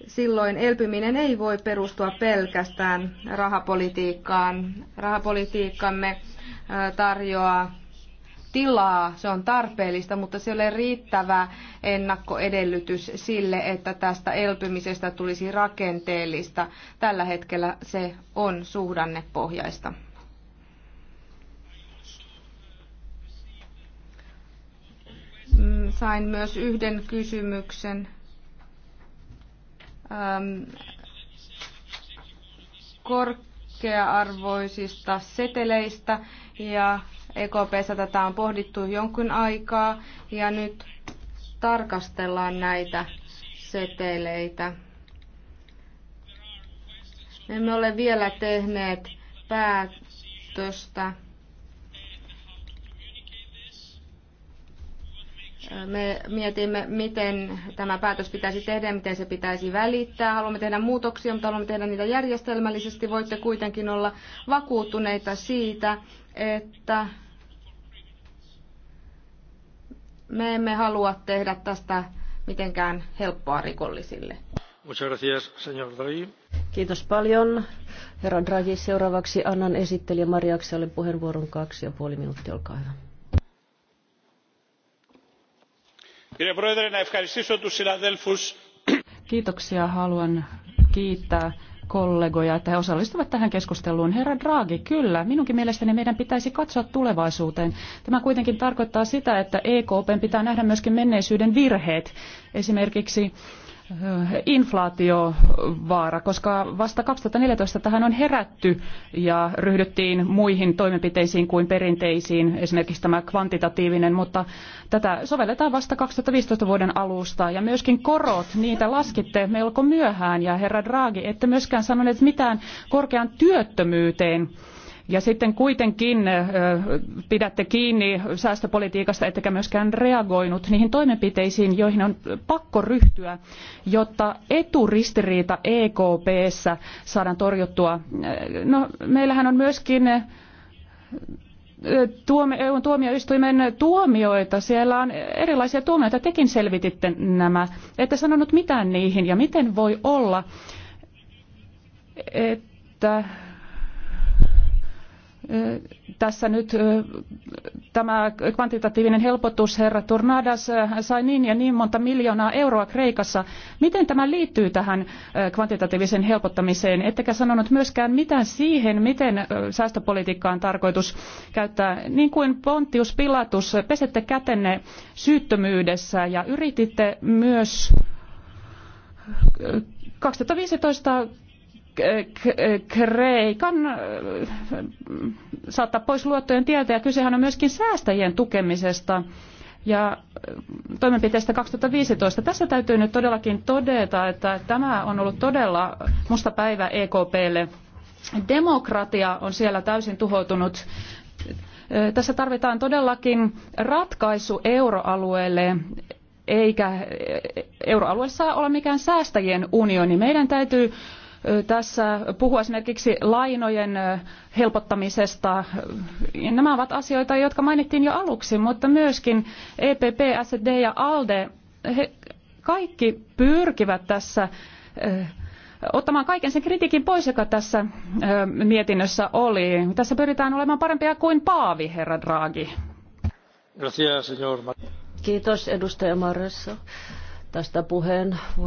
silloin elpyminen ei voi perustua pelkästään rahapolitiikkaan. Rahapolitiikkamme tarjoaa tilaa, se on tarpeellista, mutta se ei ole riittävä ennakkoedellytys sille, että tästä elpymisestä tulisi rakenteellista. Tällä hetkellä se on suhdannepohjaista. Mm, sain myös yhden kysymyksen korkea-arvoisista seteleistä ja EKPssä tätä on pohdittu jonkun aikaa ja nyt tarkastellaan näitä seteleitä. Emme ole vielä tehneet päätöstä Me mietimme, miten tämä päätös pitäisi tehdä, miten se pitäisi välittää. Haluamme tehdä muutoksia, mutta haluamme tehdä niitä järjestelmällisesti. Voitte kuitenkin olla vakuuttuneita siitä, että me emme halua tehdä tästä mitenkään helppoa rikollisille. Kiitos paljon. Herra Draghi, seuraavaksi annan esittelijä Mariakselle puheenvuoron kaksi ja puoli minuuttia, olkaa hyvä. Kiitoksia. Haluan kiittää kollegoja, että he osallistuvat tähän keskusteluun. Herra Draghi, kyllä, minunkin mielestäni meidän pitäisi katsoa tulevaisuuteen. Tämä kuitenkin tarkoittaa sitä, että EKPn pitää nähdä myöskin menneisyyden virheet. Esimerkiksi inflaatiovaara, koska vasta 2014 tähän on herätty ja ryhdyttiin muihin toimenpiteisiin kuin perinteisiin, esimerkiksi tämä kvantitatiivinen, mutta tätä sovelletaan vasta 2015 vuoden alusta ja myöskin korot, niitä laskitte melko myöhään ja herra Draghi, ette myöskään sanoneet mitään korkean työttömyyteen ja sitten kuitenkin pidätte kiinni säästöpolitiikasta, ettekä myöskään reagoinut niihin toimenpiteisiin, joihin on pakko ryhtyä, jotta eturistiriita EKPssä saadaan torjuttua. No, meillähän on myöskin EUn tuomioistuimen tuomioita. Siellä on erilaisia tuomioita. Tekin selvititte nämä. Ette sanonut mitään niihin. Ja miten voi olla, että tässä nyt tämä kvantitatiivinen helpotus, herra Tornadas, sai niin ja niin monta miljoonaa euroa Kreikassa. Miten tämä liittyy tähän kvantitatiiviseen helpottamiseen? Ettekä sanonut myöskään mitään siihen, miten säästöpolitiikkaa on tarkoitus käyttää. Niin kuin Pontius Pilatus, pesette kätenne syyttömyydessä ja yrititte myös 2015 Kreikan äh, saattaa pois luottojen tieltä ja kysehän on myöskin säästäjien tukemisesta ja äh, toimenpiteestä 2015. Tässä täytyy nyt todellakin todeta, että tämä on ollut todella musta päivä EKPlle. Demokratia on siellä täysin tuhoutunut. Äh, tässä tarvitaan todellakin ratkaisu euroalueelle, eikä euroalue saa olla mikään säästäjien unioni. Meidän täytyy tässä puhua esimerkiksi lainojen helpottamisesta. Nämä ovat asioita, jotka mainittiin jo aluksi, mutta myöskin EPP, SD ja ALDE, he kaikki pyrkivät tässä ottamaan kaiken sen kritiikin pois, joka tässä mietinnössä oli. Tässä pyritään olemaan parempia kuin Paavi, herra Draghi. Kiitos edustaja tästä puheen